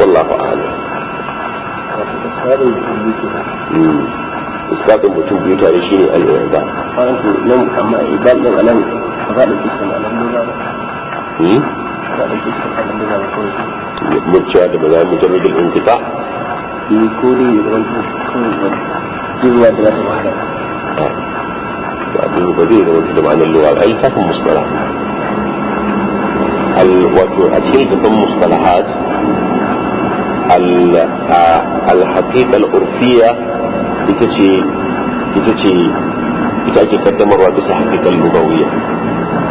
والله أعلم إسقاط mutum biyu tare shi ne al'irba. Nan amma idan ɗin anan faɗin iskan anan nuna ba. Faɗin iskan anan nuna ba kawai. Murcewa da ba za mu jami da intifa. Ni ko dai ya zama kawai ba. Jirwa da za ta wahala. Ba zai zama da ma'anar lura ba, ai kafin musbara. wato a cikin dubban mustalahat alhaƙiƙa urfiya ita ce ita ce ita ake kaddamarwa bisa haƙiƙar lugawiya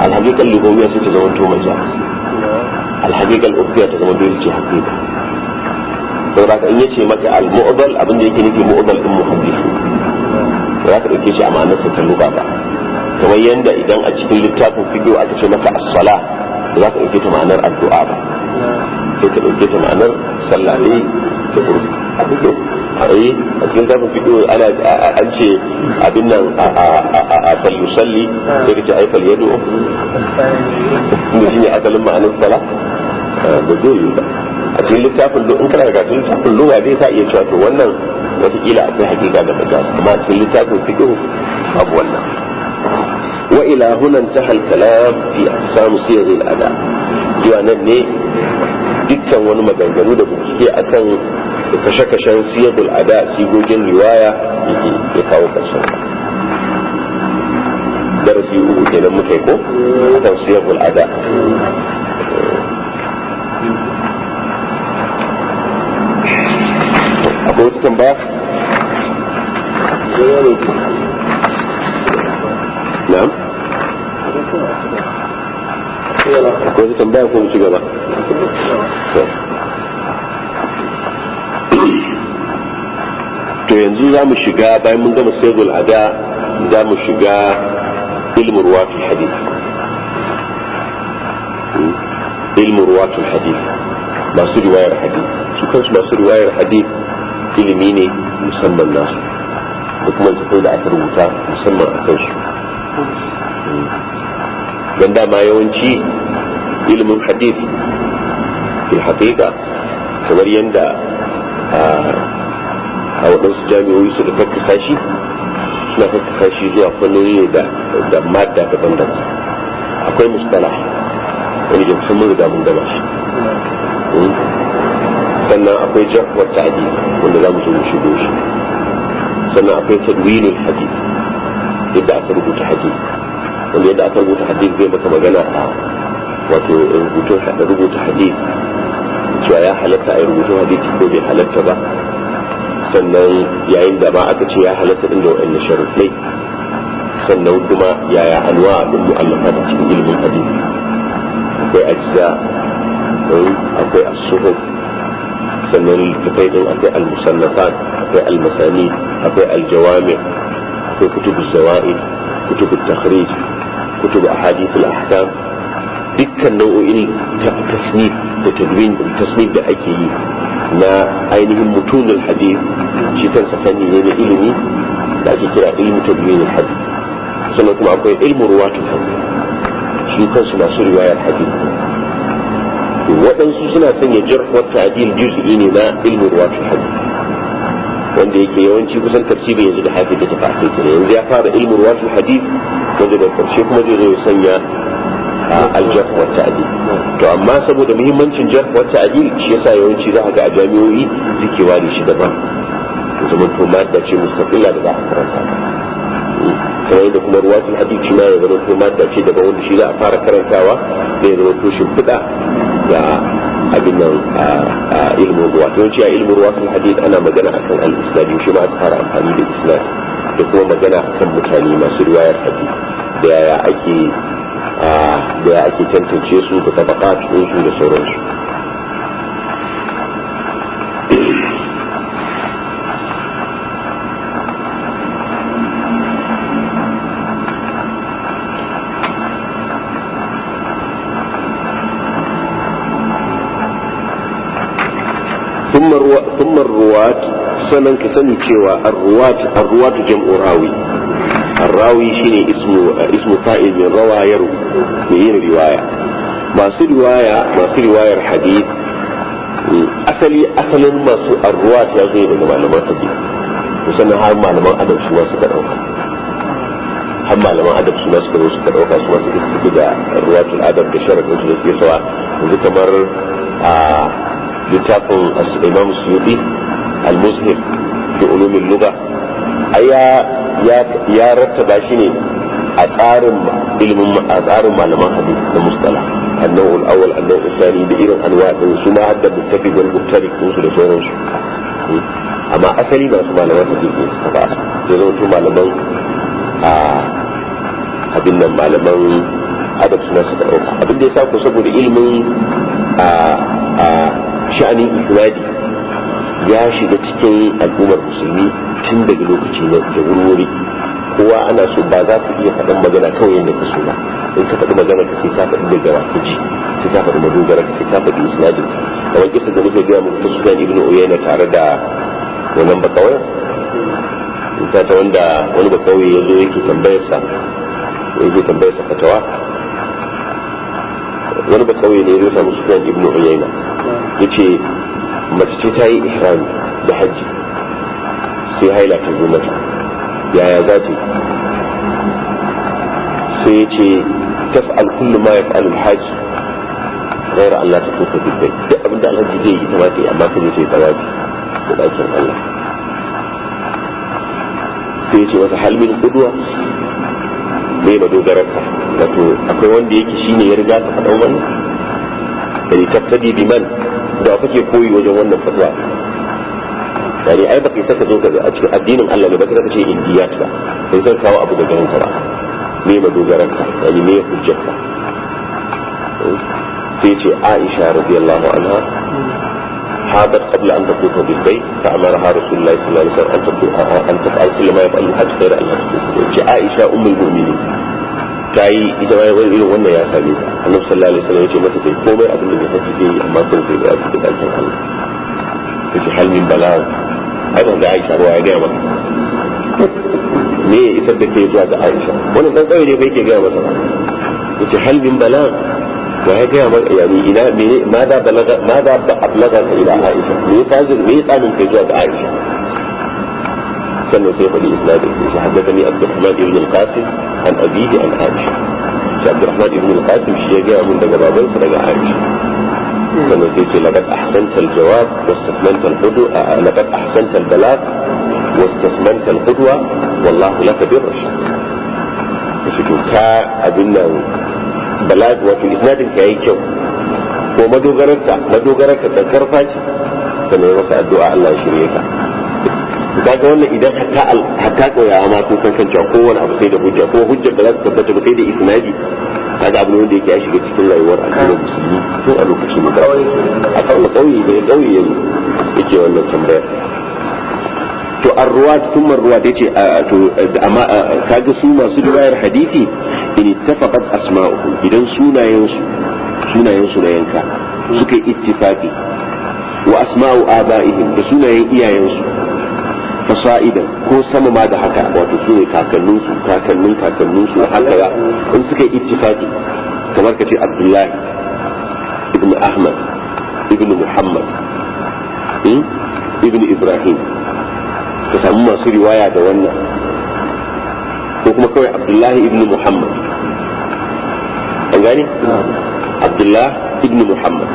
alhaƙiƙar lugawiya ta zama to majalis alhaƙiƙar urfiya ta zama dole ce haƙiƙa saboda ka in yace maka al-mu'dal abin da yake nufi mu'dal din muhaddis ba za ka dauke shi a ma'anarsa ta lugha ba kamar yanda idan a cikin littafin fiqh aka ce maka as-salah ba za ka ɗauke ta ma'anar addu'a ba sai ka ɗauke ta ma'anar sallah ne eh, ta kurfi a kuke a cikin zafin fito ana an ce abin nan a fallu salli sai ka ce ai fal yadu inda shi ne asalin ma'anar sala ba zai yi ba a cikin littafin in kana ga littafin lura zai ka iya cewa to wannan kila akwai hakika da daga amma cikin littafin fito babu wannan وإلى هنا انتهى الكلام في أقسام صيغ الأداء ديوان ابني دكا ونما جنجنو ده بمشكي أكن كشكشن صيغ الأداء سيقو جن رواية يقاو كشن درس يقو جن مكيكو أكن صيغ الأداء أقول لكم بقى نعم yeah. wata tambaya ko ci to yanzu za mu shiga bayan mun gama sayyidul ada za mu shiga ilmu ruwatul hadith ilmu ruwatul hadith masu riwayar hadith su kansu masu riwayar hadith ilimi ne musamman nasu da kuma zafai da aka rubuta musamman a kansu don dama yawanci ilimin hadith fil haqiqa kamar yadda a waɗansu jami'o'i suka karkasa shi suna karkasa shi zuwa fannoni da da madda daban-daban akwai mustala wani jamsun mun riga mun gama shi hmm? sannan akwai jarhuwar ta'adi wanda za mu zo mu shigo shi sannan akwai tadwinin hadith yadda aka rubuta hadith wanda yadda aka rubuta hadith zai maka magana a wato rubuta hadith cewa ya halatta a yi rubuta hadisi ko bai halatta ba sannan yayin da ma aka ce ya halatta inda wa'annan sharuɗai sannan kuma yaya alwa min mu'allafa da cikin ilimin hadisi akwai ajiza akwai asuhu sannan littattafai ɗin akwai almusannafat akwai almasani akwai aljawami akwai kutubu zawa'i kutubu takhrij kutubu ahadith al-ahkam dukkan nau'o'in tasnif da tadwin tasnif da ake yi na ainihin mutunul hadith shi kan kansa fanni ne na ilimi da ake kira ilmu tadwin hadith sannan kuma akwai ilmu ruwatul hadith shi kan kansu masu riwayar hadith waɗansu suna sanya jarh wa ta'dil juz'i ne na ilmu ruwatul hadith wanda yake yawanci kusan tafsiri yanzu da hafi da tafi yanzu ya fara ilmu ruwatul hadith wanda da karshe kuma zai zo ya sanya aljar wata ta'dil to amma saboda muhimmancin jar wata ta'dil shi yasa yawanci za ga a jami'o'i suke ware shi daban to zaman to ma da ce mustaqilla da za a karanta kamar yadda kuma ruwatul hadith shi ma ya zama to ma da ce daban wanda shi za a fara karantawa da ya zama to shimfiɗa ga abin nan a ilmin ruwa yawanci a ilmin ruwa sun hadith ana magana akan al-islam shi ma aka fara amfani da islam da kuma magana akan mutane masu riwayar hadith da yaya ake da ya ake tantance su da tabaka cikinsu da sauransu ثم الرواة سننك سنتي الرواة الرواة جمع راوي الراوي شيني اسمه اسم فائل من روى يروي من رواية ما سي رواية ما سي رواية الحديث أصلي أصلا ما سو الرواة يا غير ما لما تجي وسنة هاي ما أدب شو ما سكر أوكا هم ما لما أدب شو ما سكر وسكر أوكا شو ما سكر سكر الرواة الأدب كشرك وجه في سوا وجه كمر آه لتاقل الإمام السيوطي المذهب في علوم اللغة أي ya rattaba shi ne a tsarin ilmin a tsarin malaman hadith da mustala annahu al-awwal annahu al-thani da irin alwadin su ma hadda muttafiq wal muftariq su da sauransu hmm. amma asali masu malaman hadith ne suka ba ya zama to malaman a abin nan malaman adab suna suka ɗauka abin da ya sa ku saboda ilimin a sha'anin isnadi ya shiga cikin al'ummar musulmi tun daga lokaci na da wurwuri kowa ana so ba za ku iya faɗin magana kawai yadda ka so ba in ka faɗi magana ka sai ka faɗi daga wata ji sai ka faɗi madogara ka sai ka faɗi isnadin kamar kisa da muka gaya muku ta sudan ibnu na tare da wannan ba kawai ta ta wanda wani ba kawai ya zo yake tambayar sa yake tambayar sa fatawa wani ba kawai ne ya zo samu sudan ibnu uyayna yace mace ce ta yi ihrami da hajji sai haila ta zo mata yaya za ta sai ya ce taf'al kullu ma yaf'alu al-hajj ghayra Allah ta tuka bidda duk abin da alhaji zai yi kamata ya amma kaje sai tawabi da dakin Allah sai ya ce masa hal min qudwa me ba dogararka wato akwai wanda yake shine ya riga ka faɗa wannan da ta tabi biman da kuke koyi wajen wannan fatwa yani ai baka isa saka zo ka a cikin addinin Allah ne baka ka ce indiyat ba sai zan kawo abu daga ka ba me ma dogaran ka yani me hujjar ka sai ce Aisha radiyallahu anha حاضر قبل ان تطوف بالبيت فامرها رسول الله صلى الله عليه وسلم ان تطوف ان تفعل كل ما يفعله حتى غير ان تطوف عائشه ام ta yi ita ma wani irin wannan ya same ta annabi sallallahu alaihi wasallam ya mata sai komai abin da kake zai yi amma kun sai da cikin dakin Allah yace hal min balagh hakan da Aisha ruwa ya ga maka me ya isar da kai zuwa ga Aisha wannan dan kawai ne bai ke ga masa yace hal min bala wa ya ga maka yani ina me ma da balaga ma da ablaga ila Aisha me ya tazir me ya tsanin zuwa ga Aisha sannan sai faɗi isnadin حدثني عبد الرحمن بن القاسم عن أبيه عن عائشة عبد الرحمن بن القاسم الشيخ شجاع من دقى بابل فرقى عائشة فنسيت لقد أحسنت الجواب واستثمنت القدوة آه، لقد أحسنت البلاغ واستثمنت القدوة والله لك بالرشاد فشكو كا أبنى بلاغ وفي إسناد كأي كو ومدو غرقة مدو غرقة تكرفاج فنسيت الدعاء الله يشريكا kaga wannan idan hatta hatta koyawa ma sun san kan cewa kowane abu sai da hujja ko hujjar da za ta tabbata ba sai da isnadi kaga abu ne da yake ya shiga cikin rayuwar addinin musulmi ko a lokacin da a kan kauye ne kauye ne yake wannan tambayar to arruwat thumma arruwat yace to amma kaga su masu riwayar hadisi in ittafaqat asma'uhum idan sunayensu sunayensu na yanka suka yi ittifaqi wa asma'u aba'ihim da sunayen iyayensu. fasa'idan ko sama ma da haka wato su ne kakannin su kakannin kakannin su haka ya in suka yi ittifaqi kamar kace Abdullahi ibn Ahmad ibn Muhammad hmm? ibn Ibrahim ka samu masu riwaya da wannan ko kuma kawai Abdullahi ibn Muhammad an gani Abdullahi ibn Muhammad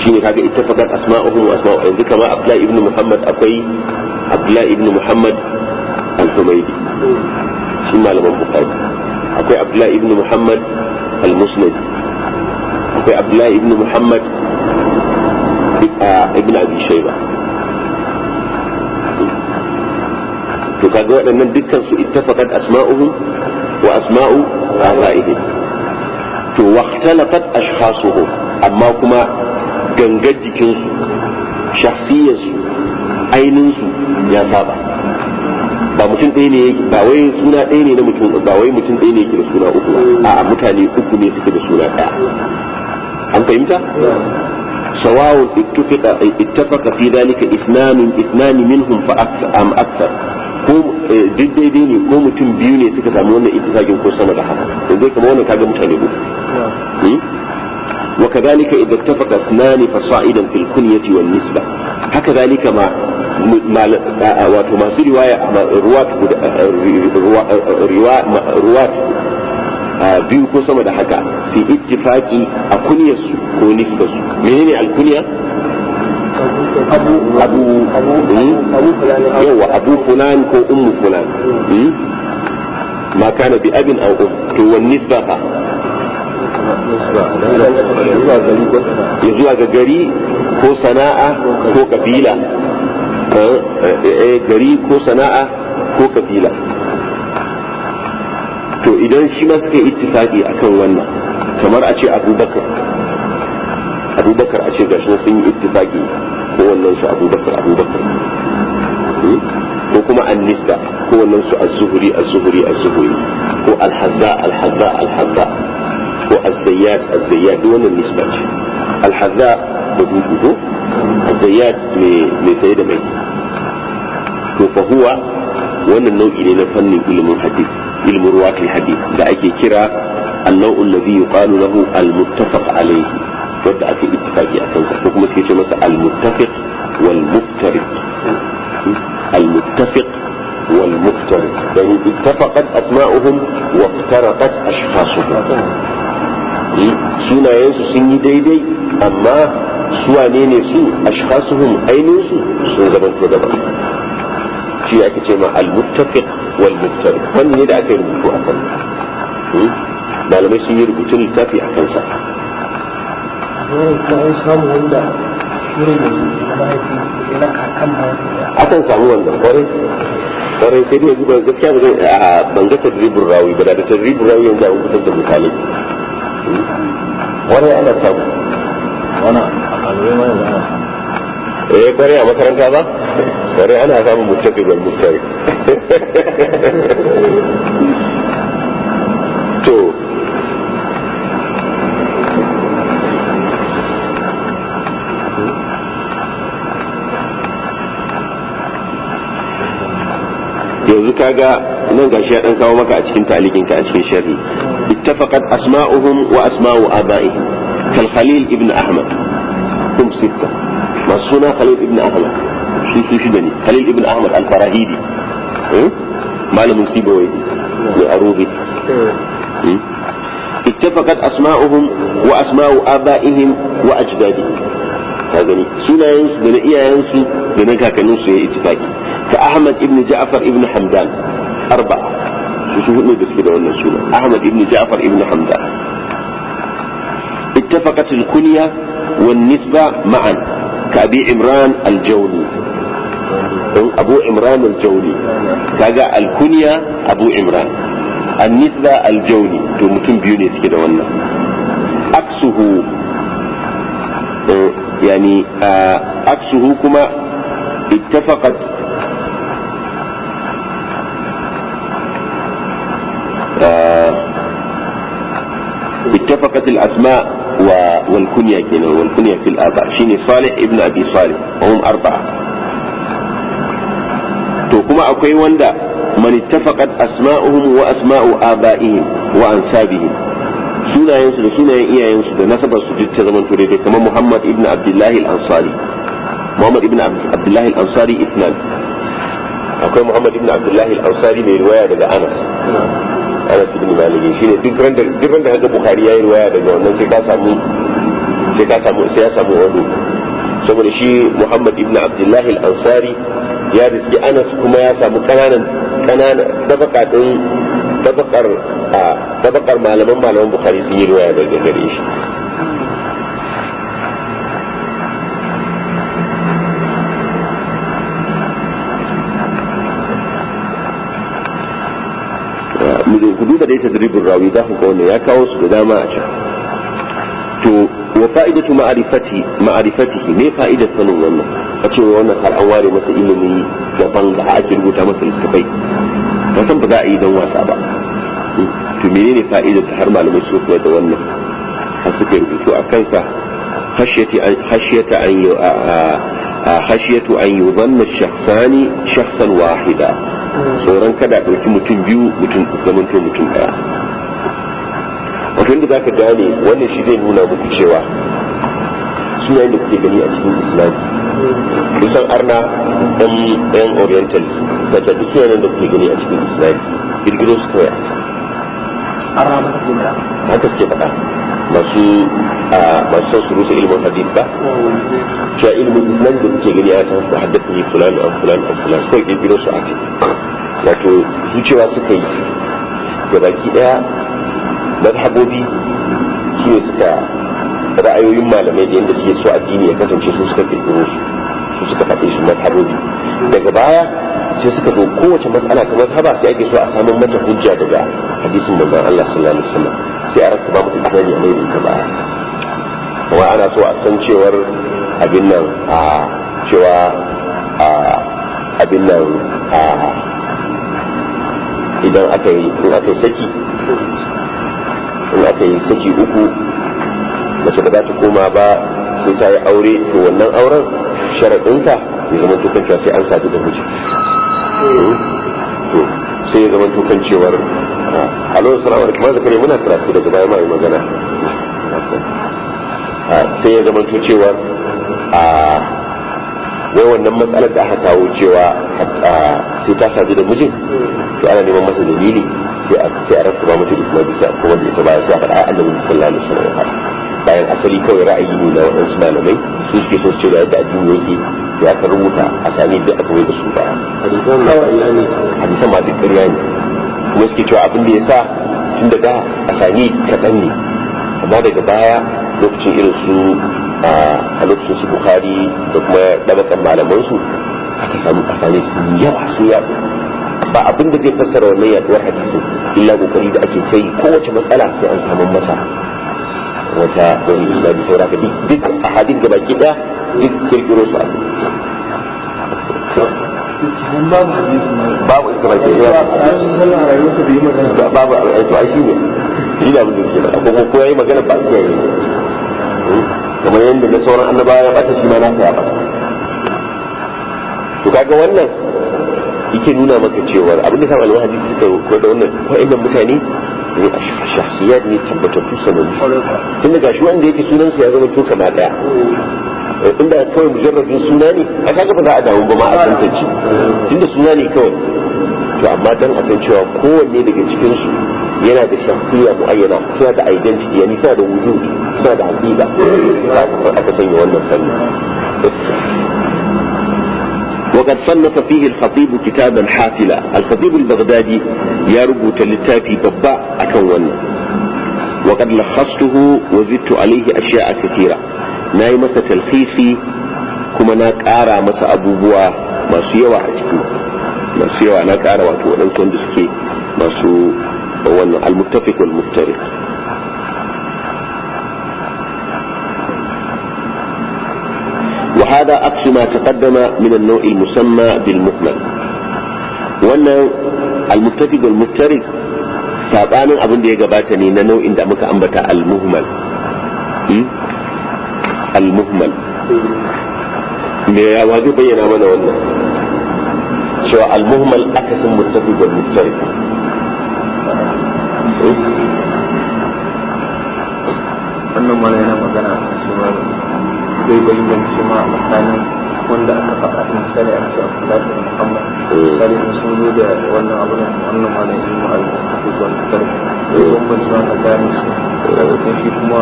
شيء هذا اتفقت أسماؤهم وأسماء ذكر ما عبد الله ابن محمد أقي عبد الله ابن محمد الحميدي شو ماله من بقاعد أقي عبد الله ابن محمد المسند أقي عبد الله ابن محمد آه، ابن أبي شيبة فكذا أن ذكر اتفقت أسماؤهم وأسماء آبائهم واختلفت أشخاصهم أما كما gangar jikinsu shafsiyarsu ainihinsu ya saba ba mutum ɗaya ne ba wai suna ɗaya ne na mutum ba wai mutum ɗaya ne yake da suna uku ba a mutane uku ne suke da suna ɗaya an fahimta sawawun اتفق اتفق fi ذلك اثنان اثنان منهم فاكثر ام اكثر ko eh, duk daidai ne ko mutum biyu ne suka samu wannan ittifaqin ko sama da haka yanzu kamar wannan kaga mutane uku hmm? وكذلك إذا اتفق اثنان فصائدا في الكنية والنسبة هكذلك ما ما ما في رواية رواة رواة رواة رواة بيو كوسما ده حكا في اتفاقي أكونية ونسبة منين الكنية؟ أبو أبو أبو أبو فلان أبو فلان كو أم فلان ما كان بأب أو أم تو النسبة ya zuwa ga gari ko sana'a ko kabila eh, gari ko sana'a ko kabila to idan shi ma suka yi ittifaqi akan wannan kamar a ce abubakar abubakar a ce gashi na sun yi ittifaqi ko wannan su abubakar abubakar hmm? ko kuma annista ko wannan su az-zuhri az-zuhri az-zuhri ko al-hazza al-hazza al-hazza الزيات الزيات دون النسبة الحذاء بوجوده الزيات لسيدة من فهو وانا النوع اللي نفني علم الحديث علم رواة الحديث دعيك كرا النوع الذي يقال له المتفق عليه ودع في اتفاقية حكمة كي تمسى المتفق والمفترق المتفق والمفترق يعني اتفقت اسماؤهم وافترقت اشخاصهم Eh, sunayensu sun yi daidai amma su wane ne su ashkhasuhum ainihin su sun zaman ko daban shi ake ce ma al-muttafiq wal mubtadi wannan ne da aka yi rubutu a kan hmm? malamai sun yi rubutu littafi a kan kansa akan samu wannan kwarai kwarai sai dai yanzu gaskiya ban ga tadribin rawi ba da tadribin rawi yanzu an fitar da mutane. wani ana samu wani a kalurai mana da ana samu eh kware a makaranta ba kware ana samun mutafi da mutari to yanzu kaga nan gashi ya dan kawo maka a cikin talikinka a cikin shari'a. اتفقت أسماؤهم وأسماء آبائهم كالخليل ابن أحمد هم ستة مصنع خليل ابن أحمد شو شو خليل ابن أحمد الفراهيدي إيه؟ ما له نسيبه ويدي لأروبي إيه؟ اتفقت أسماؤهم وأسماء آبائهم وأجدادهم هذا سنة ينسى دنا إيا ينسو دنا إيه كاكا اتفاقي كأحمد ابن جعفر ابن حمدان أربعة su hudu da suke da wannan suna ahmad ibn ja'far ibn hamza ittafaqat al-kunya wa nisba ma'an ka abi imran abu imran al kaga al abu imran an-nisba al to mutum biyu ne suke da wannan aksuhu eh, yani ah, aksuhu kuma ittafaqat اتفقت الأسماء والكنية كنا والكنية في الآباء شيني صالح ابن أبي صالح وهم أربعة توكما أكوي وندا من اتفقت أسماؤهم وأسماء آبائهم وأنسابهم سنة ينسل سنة إيا ينسل نسب السجد زمن تريد كما محمد ابن عبد الله الأنصاري محمد ابن عبد الله الأنصاري اثنان أكوي محمد ابن عبد الله الأنصاري من رواية أنس anas ibn malik shine duk randa duk randa kaga bukhari yayi riwaya daga wannan sai ka samu sai ka samu sai ya samu wadu saboda shi muhammad ibn abdullah al-ansari ya riski anas kuma ya samu kananan kananan tabaka din tabakar tabakar malaman malaman bukhari sun yi riwaya daga gare shi ku duba da ita diribin rawi za ku ga wannan ya kawo su da dama a can to wa fa'idatu ma'arifati ma'arifatihi ne fa'idar sanin wannan a cewa wannan har an ware masa ilimi daban da ake rubuta masa littafai ta san ba za a yi dan wasa ba to menene fa'idar da har malamai su koyar da wannan har suka rubutu a kansa khashiyata an yi khashiyatu an yuzanna shakhsani shakhsan wahida tsoron kada ɗauki mutum biyu mutum to mutum ɗaya wato inda za ka gane wannan shi zai nuna muku cewa yayin da kuke gani a cikin islam kusan arna ɗan ɗan oriental da ta duk nan da kuke gani a cikin islam girgiro su kawai arna haka suke faɗa masu masu son su rusa ilimin hadis ba cewa ilimin nan da muke gani ya kan haddasa ne fulan an fulan an fulan suka kirkiro su aka wato zuciya suka yi da baki daya mazhabobi shi ne suka ra'ayoyin malamai da yadda suke so addini ya kasance su suka kirkiro su su suka faɗi su mazhabobi daga baya sai suka zo kowace matsala ta mazhaba sai ake so a samun mata hujja daga hadisin manzon Allah sallallahu alaihi wasallam sai a rakka ba mutum tunani a mai da ba kuma ana so a san cewar abin nan a cewa abin nan a idan aka yi in aka yi saki in aka yi saki uku mace da za ta koma ba sai ta yi aure to wannan auren sharaɗinsa ya zama tukan cewa sai an sadu da mace to sai ya zama tukan cewar a lokacin salama kuma kuma zakare muna karatu daga baya ma yi magana sai ya zama cewa a wai wannan matsalar da aka kawo cewa sai ta sadu da mijin to ana neman masa dalili sai a rakkaba mata isnadi bisa kuma da ita bayan sai a faɗa a annabi sallallahu alaihi wasallam ya bayan asali kawai ra'ayi ne na waɗansu malamai su suke so cewa da yadda addini yake sai aka rubuta a sami da aka mai da su ba hadisan ma duk ƙarya ne kuma suke cewa abin da ya sa tun da a sami kaɗan ne amma daga baya lokacin irin su a lokacin su bukari da kuma dabakan malaman su aka samu kasane su yawa su ya ba abin da zai fassara wannan yaduwar hadisin illa kokari da ake kai kowace matsala sai an samu masa wata wani islami saura ka duk a hadin gaba ki duk kirkiro su abu babu ita ba ke yawa babu a to a shi ko ko yayi magana ba kamar yadda da sauran annabawa ya bata shi ma ta ya bata to kaga wannan yake nuna maka cewa abinda kan hadisi suka koda wannan wa'annan mutane ne a shahsiyar ne tabbatattu sanannu tun daga shi wanda yake sa ya zama to kama daya inda kawai mujarrabin suna ne a kaga ba za a dawo ba ma a tantance tunda suna ne kawai to amma dan a san cewa kowanne daga cikin su yana da shakhsiyya muayyana suna da identity yani suna da wujud suna da hakika aka sanya wannan fanni وقد صنف فيه الخطيب كتابا حافلا الخطيب البغدادي يربو تلتافي بباء أكون وقد لخصته وزدت عليه أشياء كثيرة نايمة تلخيصي كما آرى مسا بوا ما سيوا عشكو ما سيوا آرى واتو ونسون دسكي ما سو هو المتفق والمفترق وهذا أقصى ما تقدم من النوع المسمى بالمكمل وأن المتفق والمفترق سابانا أبن ديه قباتني ننو إن دعمك أنبتا المهمل المهمل ميا بينا من أولا سواء المهمل أكس المتفق والمفترق Eh, wannan mana yana magana a shi ma zai bambanci a tsakanin wanda aka faɗa in shari'a da muhammad eh. shari'a sun zo da wannan abu wannan mana mu a cikin wannan zai bambanci ma daga sun shi kuma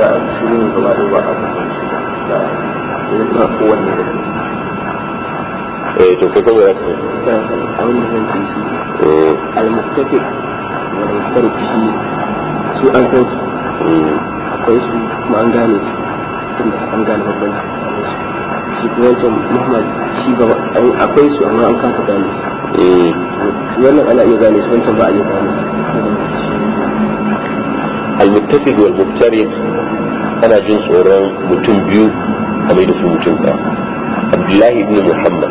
da shiru ne gaba da ba a bambanci da ya kowanne da eh to kai kawai ya ce wani sarki su an san su eh, akwai su kuma an gane su tunda an gane babban su shi kuma muhammad shi ba akwai su amma an kasa gane su eh, wannan ana iya gane su wancan ba a iya gane su المتفق والمفترق أنا جنس أوران متن بيو متن عبد الله بن محمد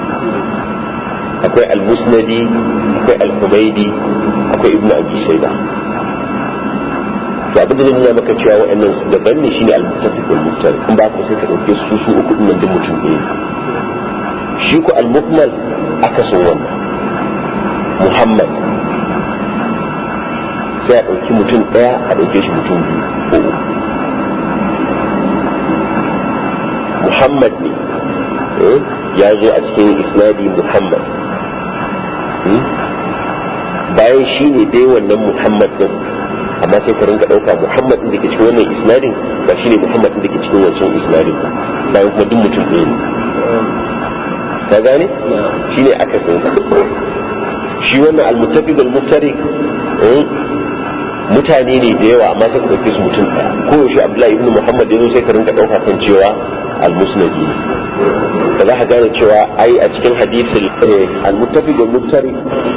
akwai al-musnadi akwai al-humaidi akwai ibnu abi shayba to abin da nuna maka cewa waɗannan su daban ne shine al-muttafiq wal muftariq kun ba ku sai ka dauke su su uku din nan mutum ne shi ko al-mukmal akasin wannan muhammad sai a ɗauki mutum ɗaya a ɗauke shi mutum biyu ko uku muhammad ne eh, ya zo a cikin isnadi muhammad bayan shi ne dai wannan muhammad din amma sai ka rinka ɗauka muhammad din da ke cikin wannan isnadin ba shi ne muhammad din da ke cikin wancan isnadin ba bayan kuma duk mutum ɗaya ne ka gane shi ne aka san shi wannan almutafiq almuftarik eh, mutane ne da yawa amma sai ka ɗauke su mutum ɗaya ko yaushe abdullahi ibn muhammad ya zo sai ka rinka ɗauka kan cewa al-musnadi da za ka gane cewa ai a cikin hadisin eh, al da muftari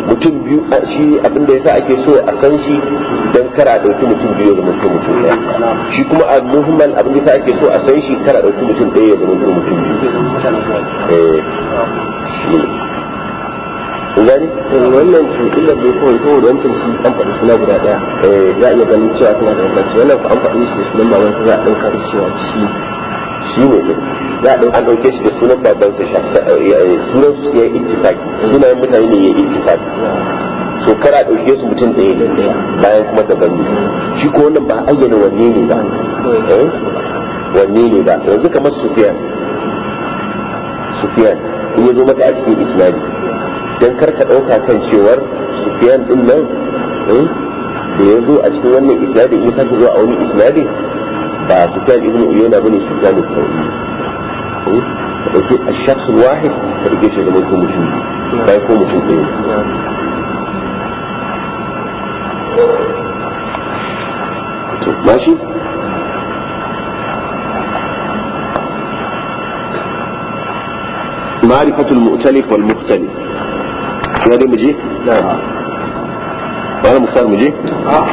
mutum biyu shi yasa ake so a san shi dan kara dauki mutum biyu da mutum mutum shi kuma muhimman yasa ake so a san shi kara dauki mutum da mutum mutum biyu eh, gani eh, wannan da kawai shi an faɗi suna guda ɗaya a iya ganin cewa suna da wannan ku an faɗi shi da sunan za a ɗauka da cewa shi shi ne din za a an ɗauke shi da sunan babansa eh, eh, sunan su ya ittifaki Sunan mutane ne ya ittifaki so kara ɗauke su mutum ɗaya da ɗaya bayan kuma daban ne shi ko wannan ba ayyana wanne ne ba eh? wanne ne ba yanzu kamar sufiyan sufiyan in ya zo maka a cikin islami don ka ɗauka kan cewar sufiyan ɗin nan da ya zo a cikin wannan islami in ya sake zuwa a wani islami ده سفيان ابن عيينة بن سفيان الثوري الشخص الواحد ما يجيش غير يكون مجنون ما يكون مجنون ماشي معرفة المؤتلف والمختلف هذا مجي؟ نعم وأنا مختار مجي؟ اه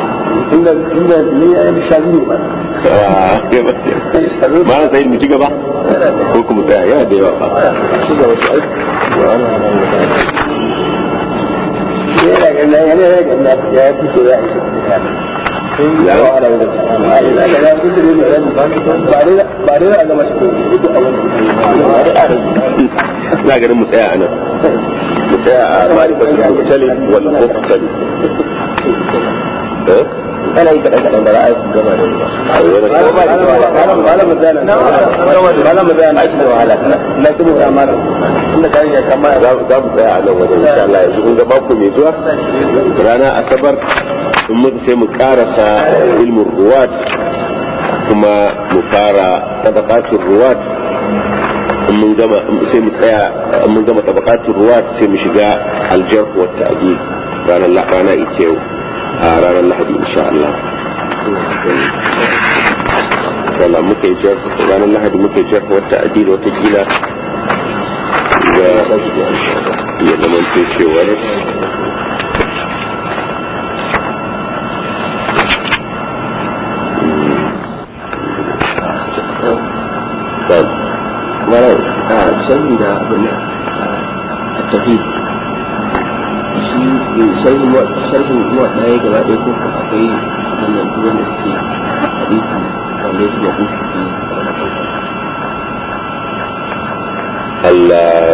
إن إن اللي أنا مش mana sai mu ci gaba ko kuma tsaya yana da yawa na ganin mu tsaya a nan mu tsaya a kana yi kaɗan kaɗan da ra'ayi gama da ruwa malamu da na da wahala na cikin ramar inda ka yi kama za mu tsaya a nan wajen insha Allah yanzu kun ga baku mai zuwa rana asabar in muka sai mu karasa ilmin ruwat kuma mu fara tabaqatul ruwat mun gama sai mu sai mu shiga aljarh wa ta'dil ranar lahana ita yau ranar lahadi insha Allah wala muke jar ranar lahadi muke jar wata adil wata gila ga ya zama cewar ولو سيدنا ابن التقييد shi sharhi sharhi mutuwa ya gaba ɗaya ko kuma akwai wannan duwan da suke hadisi wanda yake da kuma shi Allah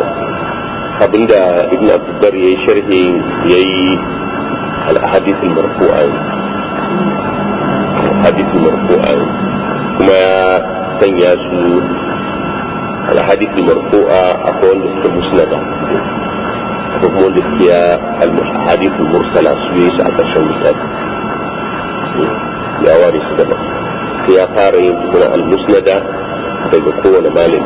abinda ibn abdulbar ya yi sharhi ya yi al-ahadithul marfu'a hadithul marfu'a kuma ya sanya su al-hadithul marfu'a akwai wanda suka musnada هو الاختياء الحديث المرسلة سويس على الشمس يا وارث دم في أقارين هنا المسندة بيكون مالي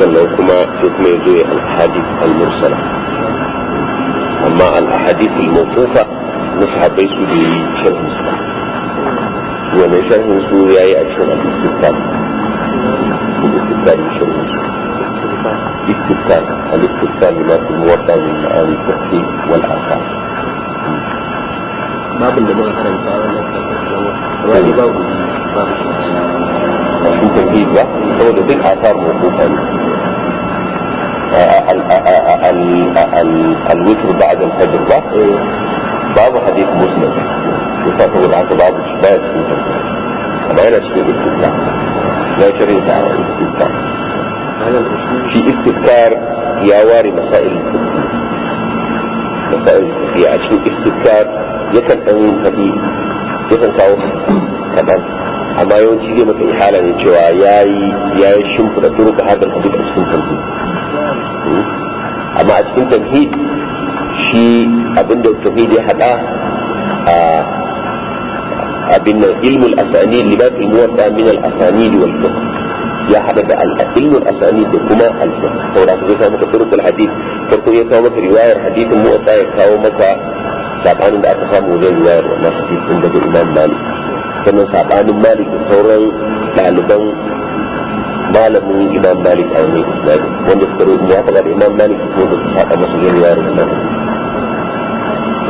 فلوكما سيكون يجوي الأحاديث المرسلة أما الأحاديث الموقوفة نصح بيسو دي شرح نسوة وما شرح نسوة يأي أشهر الاستقبال الاستقبال شرح الاستبسال الاستبسال لكن هو من مآل التحكيم والأركان باب اللي بقى كان بتاعه باب عشان تجديد بقى هو آثار موقوفة آه، آه، آه، الوتر بعد الفجر بقى إيه. باب حديث مسلم يصفه العن بعض الشباب في الجنة العيلة شبيه الاستبسال لا شريط على الاستبسال shi istidkar ya ware masail masail ya a cikin istidkar yakan dan faɗi yakan kawo kaɗan amma yawanci zai maka ihala ne cewa yayi yi ya yi shimfiɗa turuka hadar hadith a cikin tamhid amma a cikin tamhid shi abinda tamhid ya haɗa a abin ilmul asani libatul يا حبيب الأئمة الأسانيد كما الفقه فولا تزيد عنك طرق الحديث فقوية تومك رواية الحديث المؤتى يكاومك سابعان الأقسام وذي رواية وما حديث عند الإمام مالك كما سابعان مالك سوري تعلبان مالك من الامام مالك أو من إسلام وان يفكروا موافقة الإمام مالك يكون بسحاق مصري رواية الإمام مالك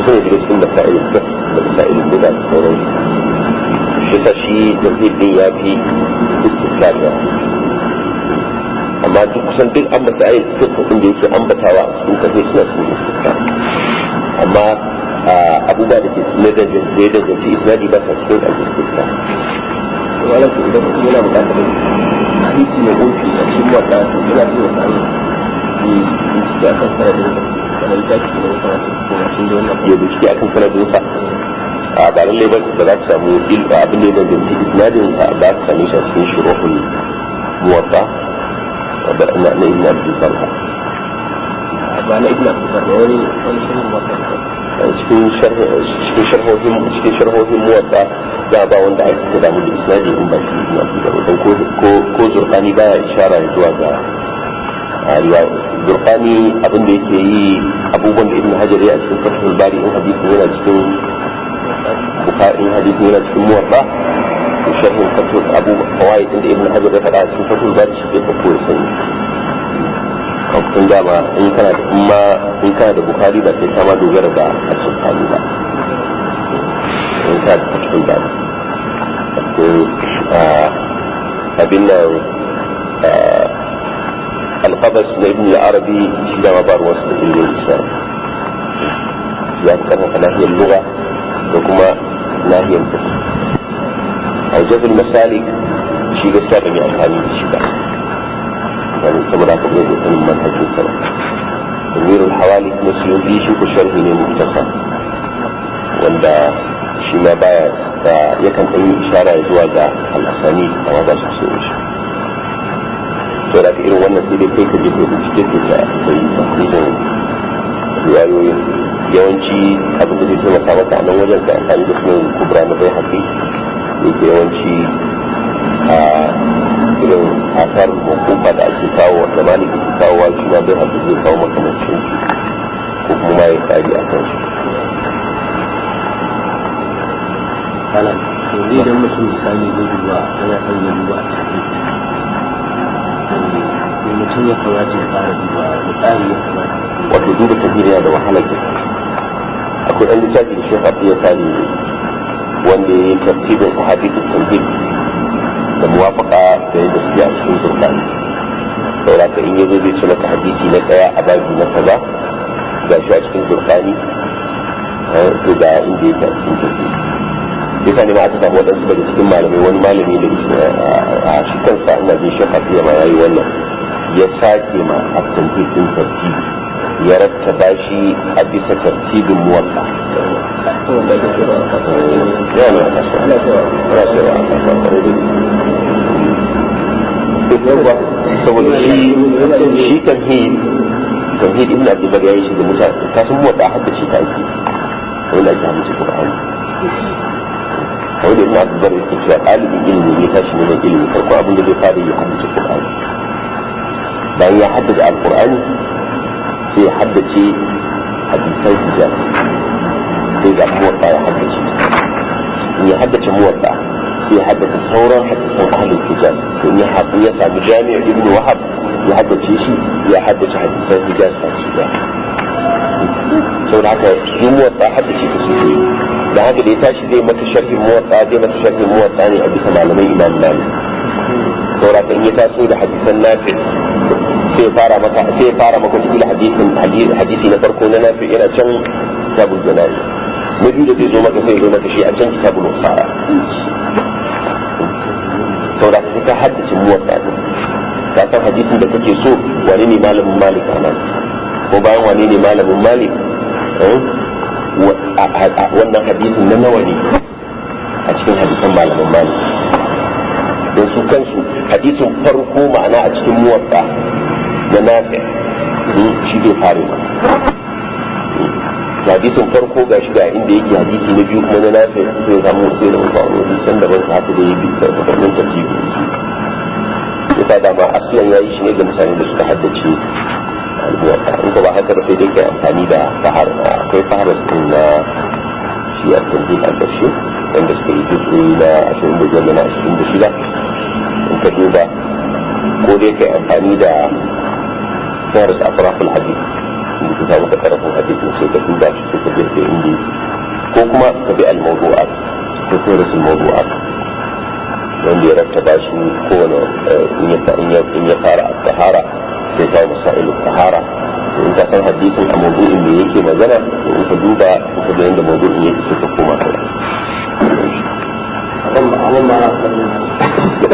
وصول يجلس كل مسائل الفقه ومسائل البدع سوري shi shi din ya fi istislam ba amma duk kusan duk an bata ayi fiqh da yake ambatawa a cikin kafe suna su istislam amma abubuwa da ke cikin da zai isnadi ba sa cikin al-istislam wala ko idan kuma yana bukatar hadisi mai a cikin wadda yana cikin sani akan sanadin kamar ita wata ya akan sanadin a ba lallai ba ba za ka samu abin da ya danganci isnadin sa ba ka same shi a cikin shuruhul muwatta na na ibn abdul barha ba na ibn abdul barha wani wani shirin muwatta cikin sharhohin cikin sharhohin muwatta da ba wanda ake ta damu da isnadi in ba shi ibn abdul barha dan ko ko zurqani baya ishara zuwa ga zurqani abin da yake yi abubuwan da ibn hajar ya a cikin fathul bari in hadisin yana cikin bukari hadisi yana cikin muwadda sharhin fatul abu fawaid inda ibn hajar ya faɗa cikin fatul bari shi ya sani kun dama in kana da umma in kana da bukari ba sai kama dogara da asirkani ba in kana da fatul bari ah, abin nan ah, alkabas na ibn arabi shi dama ba ruwansu da ilimin islam ya fi karfafa lafiyar lura da kuma nahiyar ta a wajen misali shi gaskiya ban yi amfani da shi ba wani saboda ka bai sanin manhajin sa amirul hawali kuma su yi shi ku sharhi ne muktasa wanda shi ma baya da yakan ɗan ishara zuwa ga al'asani a ba su so shi to da irin wannan sai dai kai ka je ka da ka yi yayoyi yawanci abin da zai taimaka maka nan wajen da amfani da sunan kubra na bai haƙi yake yawanci a irin asar makufa da ake kawo da malik ke kawo wa shi ma bai haƙi zai kawo makamancin shi ko kuma ma ya kari a kan shi. Ana, yanzu idan mutum misali zai duba, yana son ya duba a cikin mutum ya kamata ya fara duba misali ya kamata wato duba kabila yana da wahalar gaske akwai ɗan littafi shi hafi ya sani wanda ya yi tartibin sahabitu tambil da muwafaka da yadda suke a cikin zurfani saboda ka in yi zai ce maka hadisi na ɗaya a babu na kaza ga shi a cikin zurfani to ga inda yake a cikin zurfani yasa ne ma aka samu waɗansu daga cikin malamai wani malami da a shi kansa ina jin shi hafi ya ma yayi wannan ya sake ma a tantikin tartibi ya rattaba shi a bisa tartibin muwatta saboda shi tamhid tamhid ibn abdulbar ya yi shi da mutane ta sun muwatta hadda shi ta aiki wanda ake hamsu qur'ani kawai da ibn abdulbar ya ce ɗalibin ilimi ne tashi neman ilimi farko abin da zai fara yi hamsu بأن يحدد القرآن في حد شيء حد سيد جاس في ذا موطا يحدد شيء يحدد موطا في حد الثورة حد الثورة أهل الحجاز وإن يحب يسعى بجامع ابن وهب يحدد شيء شيء يحدد شيء حد سيد الحجاز حد شيء سوف نعطي يموطا حد شيء في السيسي لهذا اللي تاشي دي متشرك موطا دي متشرك موطا يعني حديث معلمي إمام مالك سوف نعطي إن يتاسو لحديث النافذ sai fara maka sai fara maka cikin hadisin hadisi na farko na nafi ina can kitabul janabi na biyu da zai zo maka sai zo maka shi a can kitabul usara saboda sai ka haddace muwatta ka san hadisin da kake so wani ne malamin malik anan ko bayan wani ne malamin malik eh? wannan hadisin na nawa ne a cikin hadisin malamin malik don su kansu hadisin farko ma'ana a cikin muwatta da nafi shi zai fare ba hmm. hadisin farko ga shi ga inda yake hadisi na biyu kuma na nafi zai samu sai da wata wani san ban haka da ya bi da da ba ya yi shi ne ga mutane da suka haddace albuwata in sai da fahar fahar sun na shi a tanzil ko dai kai amfani da darar da atrafin hadith in ka samu ka karfin hadithin sai ka duba shi sai ka jirge inda ko kuma ka bi ko wanda ya kowane in ya fara tahara sai tahara in san hadisin a mawdu'in yake magana in ka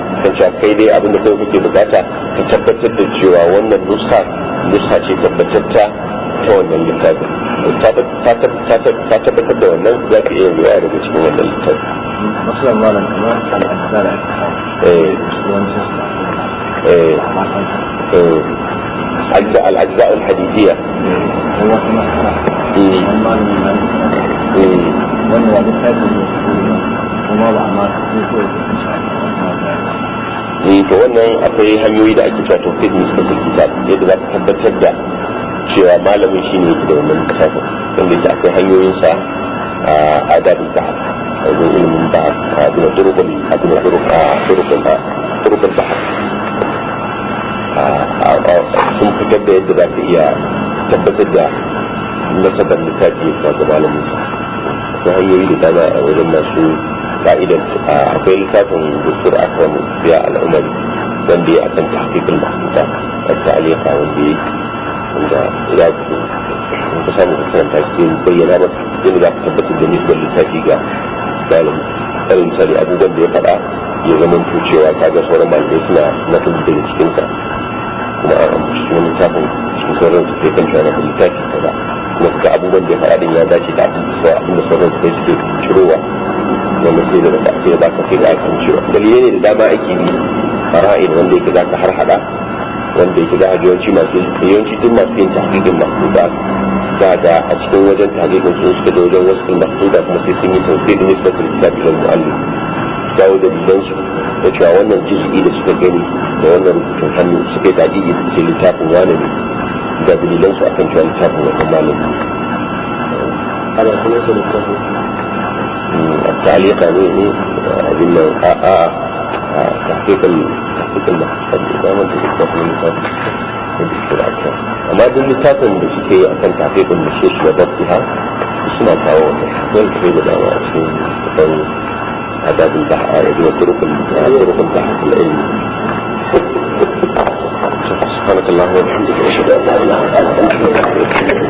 kan cewa kai dai abinda kai kuke bukata ka tabbatar da cewa wannan nuska nuska ce tabbatatta ta wannan littafin ta tabbatar da wannan za ka iya riwaya daga cikin wannan littafin masalan malam kamar al'adar da aka al'ajza al-hadidiyya eh, wannan eh. wani eh. kuma ba a ma sai kawai sai eh to wannan akwai hanyoyi da ake cewa tawfiq mustaqil kitab yadda za ka tabbatar da cewa malamin shi ne yake da wannan kasafin wanda yake akwai hanyoyin sa a adabin bahar wajen ilimin ba a gina turukul a gina bin ba a turukul bahar sun fitar da yadda za ka iya tabbatar da nasabar littafi ya ga malamin sa akwai hanyoyi da dama a wajen masu ka'idar akwai littafin dustur akram biya al'umar wanda ya akan tahqiqul mahmuda at-ta'liqa wanda ya wanda ya ku ka samu ka karanta shi bayyana ba yadda da ka tabbatar da nisbar littafi ga dalil alal misali abubuwan da ya faɗa ya zama cewa ta ga sauran malamai suna na tun tudu cikin cikinsa kuma an ambaci wani littafin cikin sauran su sai kan shi ana littafi kaza kuma ka abubuwan da ya faɗa din ya dace da abin da sauran su sai suke cirowa wannan sai da sai ba ka sai da akan cewa dalilai ne da dama ake yi fara'in wanda yake za ka har hada wanda yake da a yawanci masu yawanci tun masu yin tahqiqin masu ba za ga a cikin wajen tahqiqin su suka da wajen wasu masu da kuma sai sun yi tawfiq ne suka kirkira da mu'allim dawo da bilansu da cewa wannan jizgi da suka gani da wannan rubutun hannu suka yi tahqiqin da ke littafin wani ne da dalilansu akan cewa littafin wannan malami. Ana kuma su littafin التعليق يعني آه، آه، هذه اه آآ تحقيق تحقيق المحصل إذا تجد تحقيق المحصل بسرعة أما دون مثال بشيء أكن تحقيق المشيش وضبطها اسمع تاو مثال في الدعوة شيء تاو أداب البحث وطرق طرق البحث العلم سبحانك اللهم وبحمدك أشهد أن لا إله إلا أنت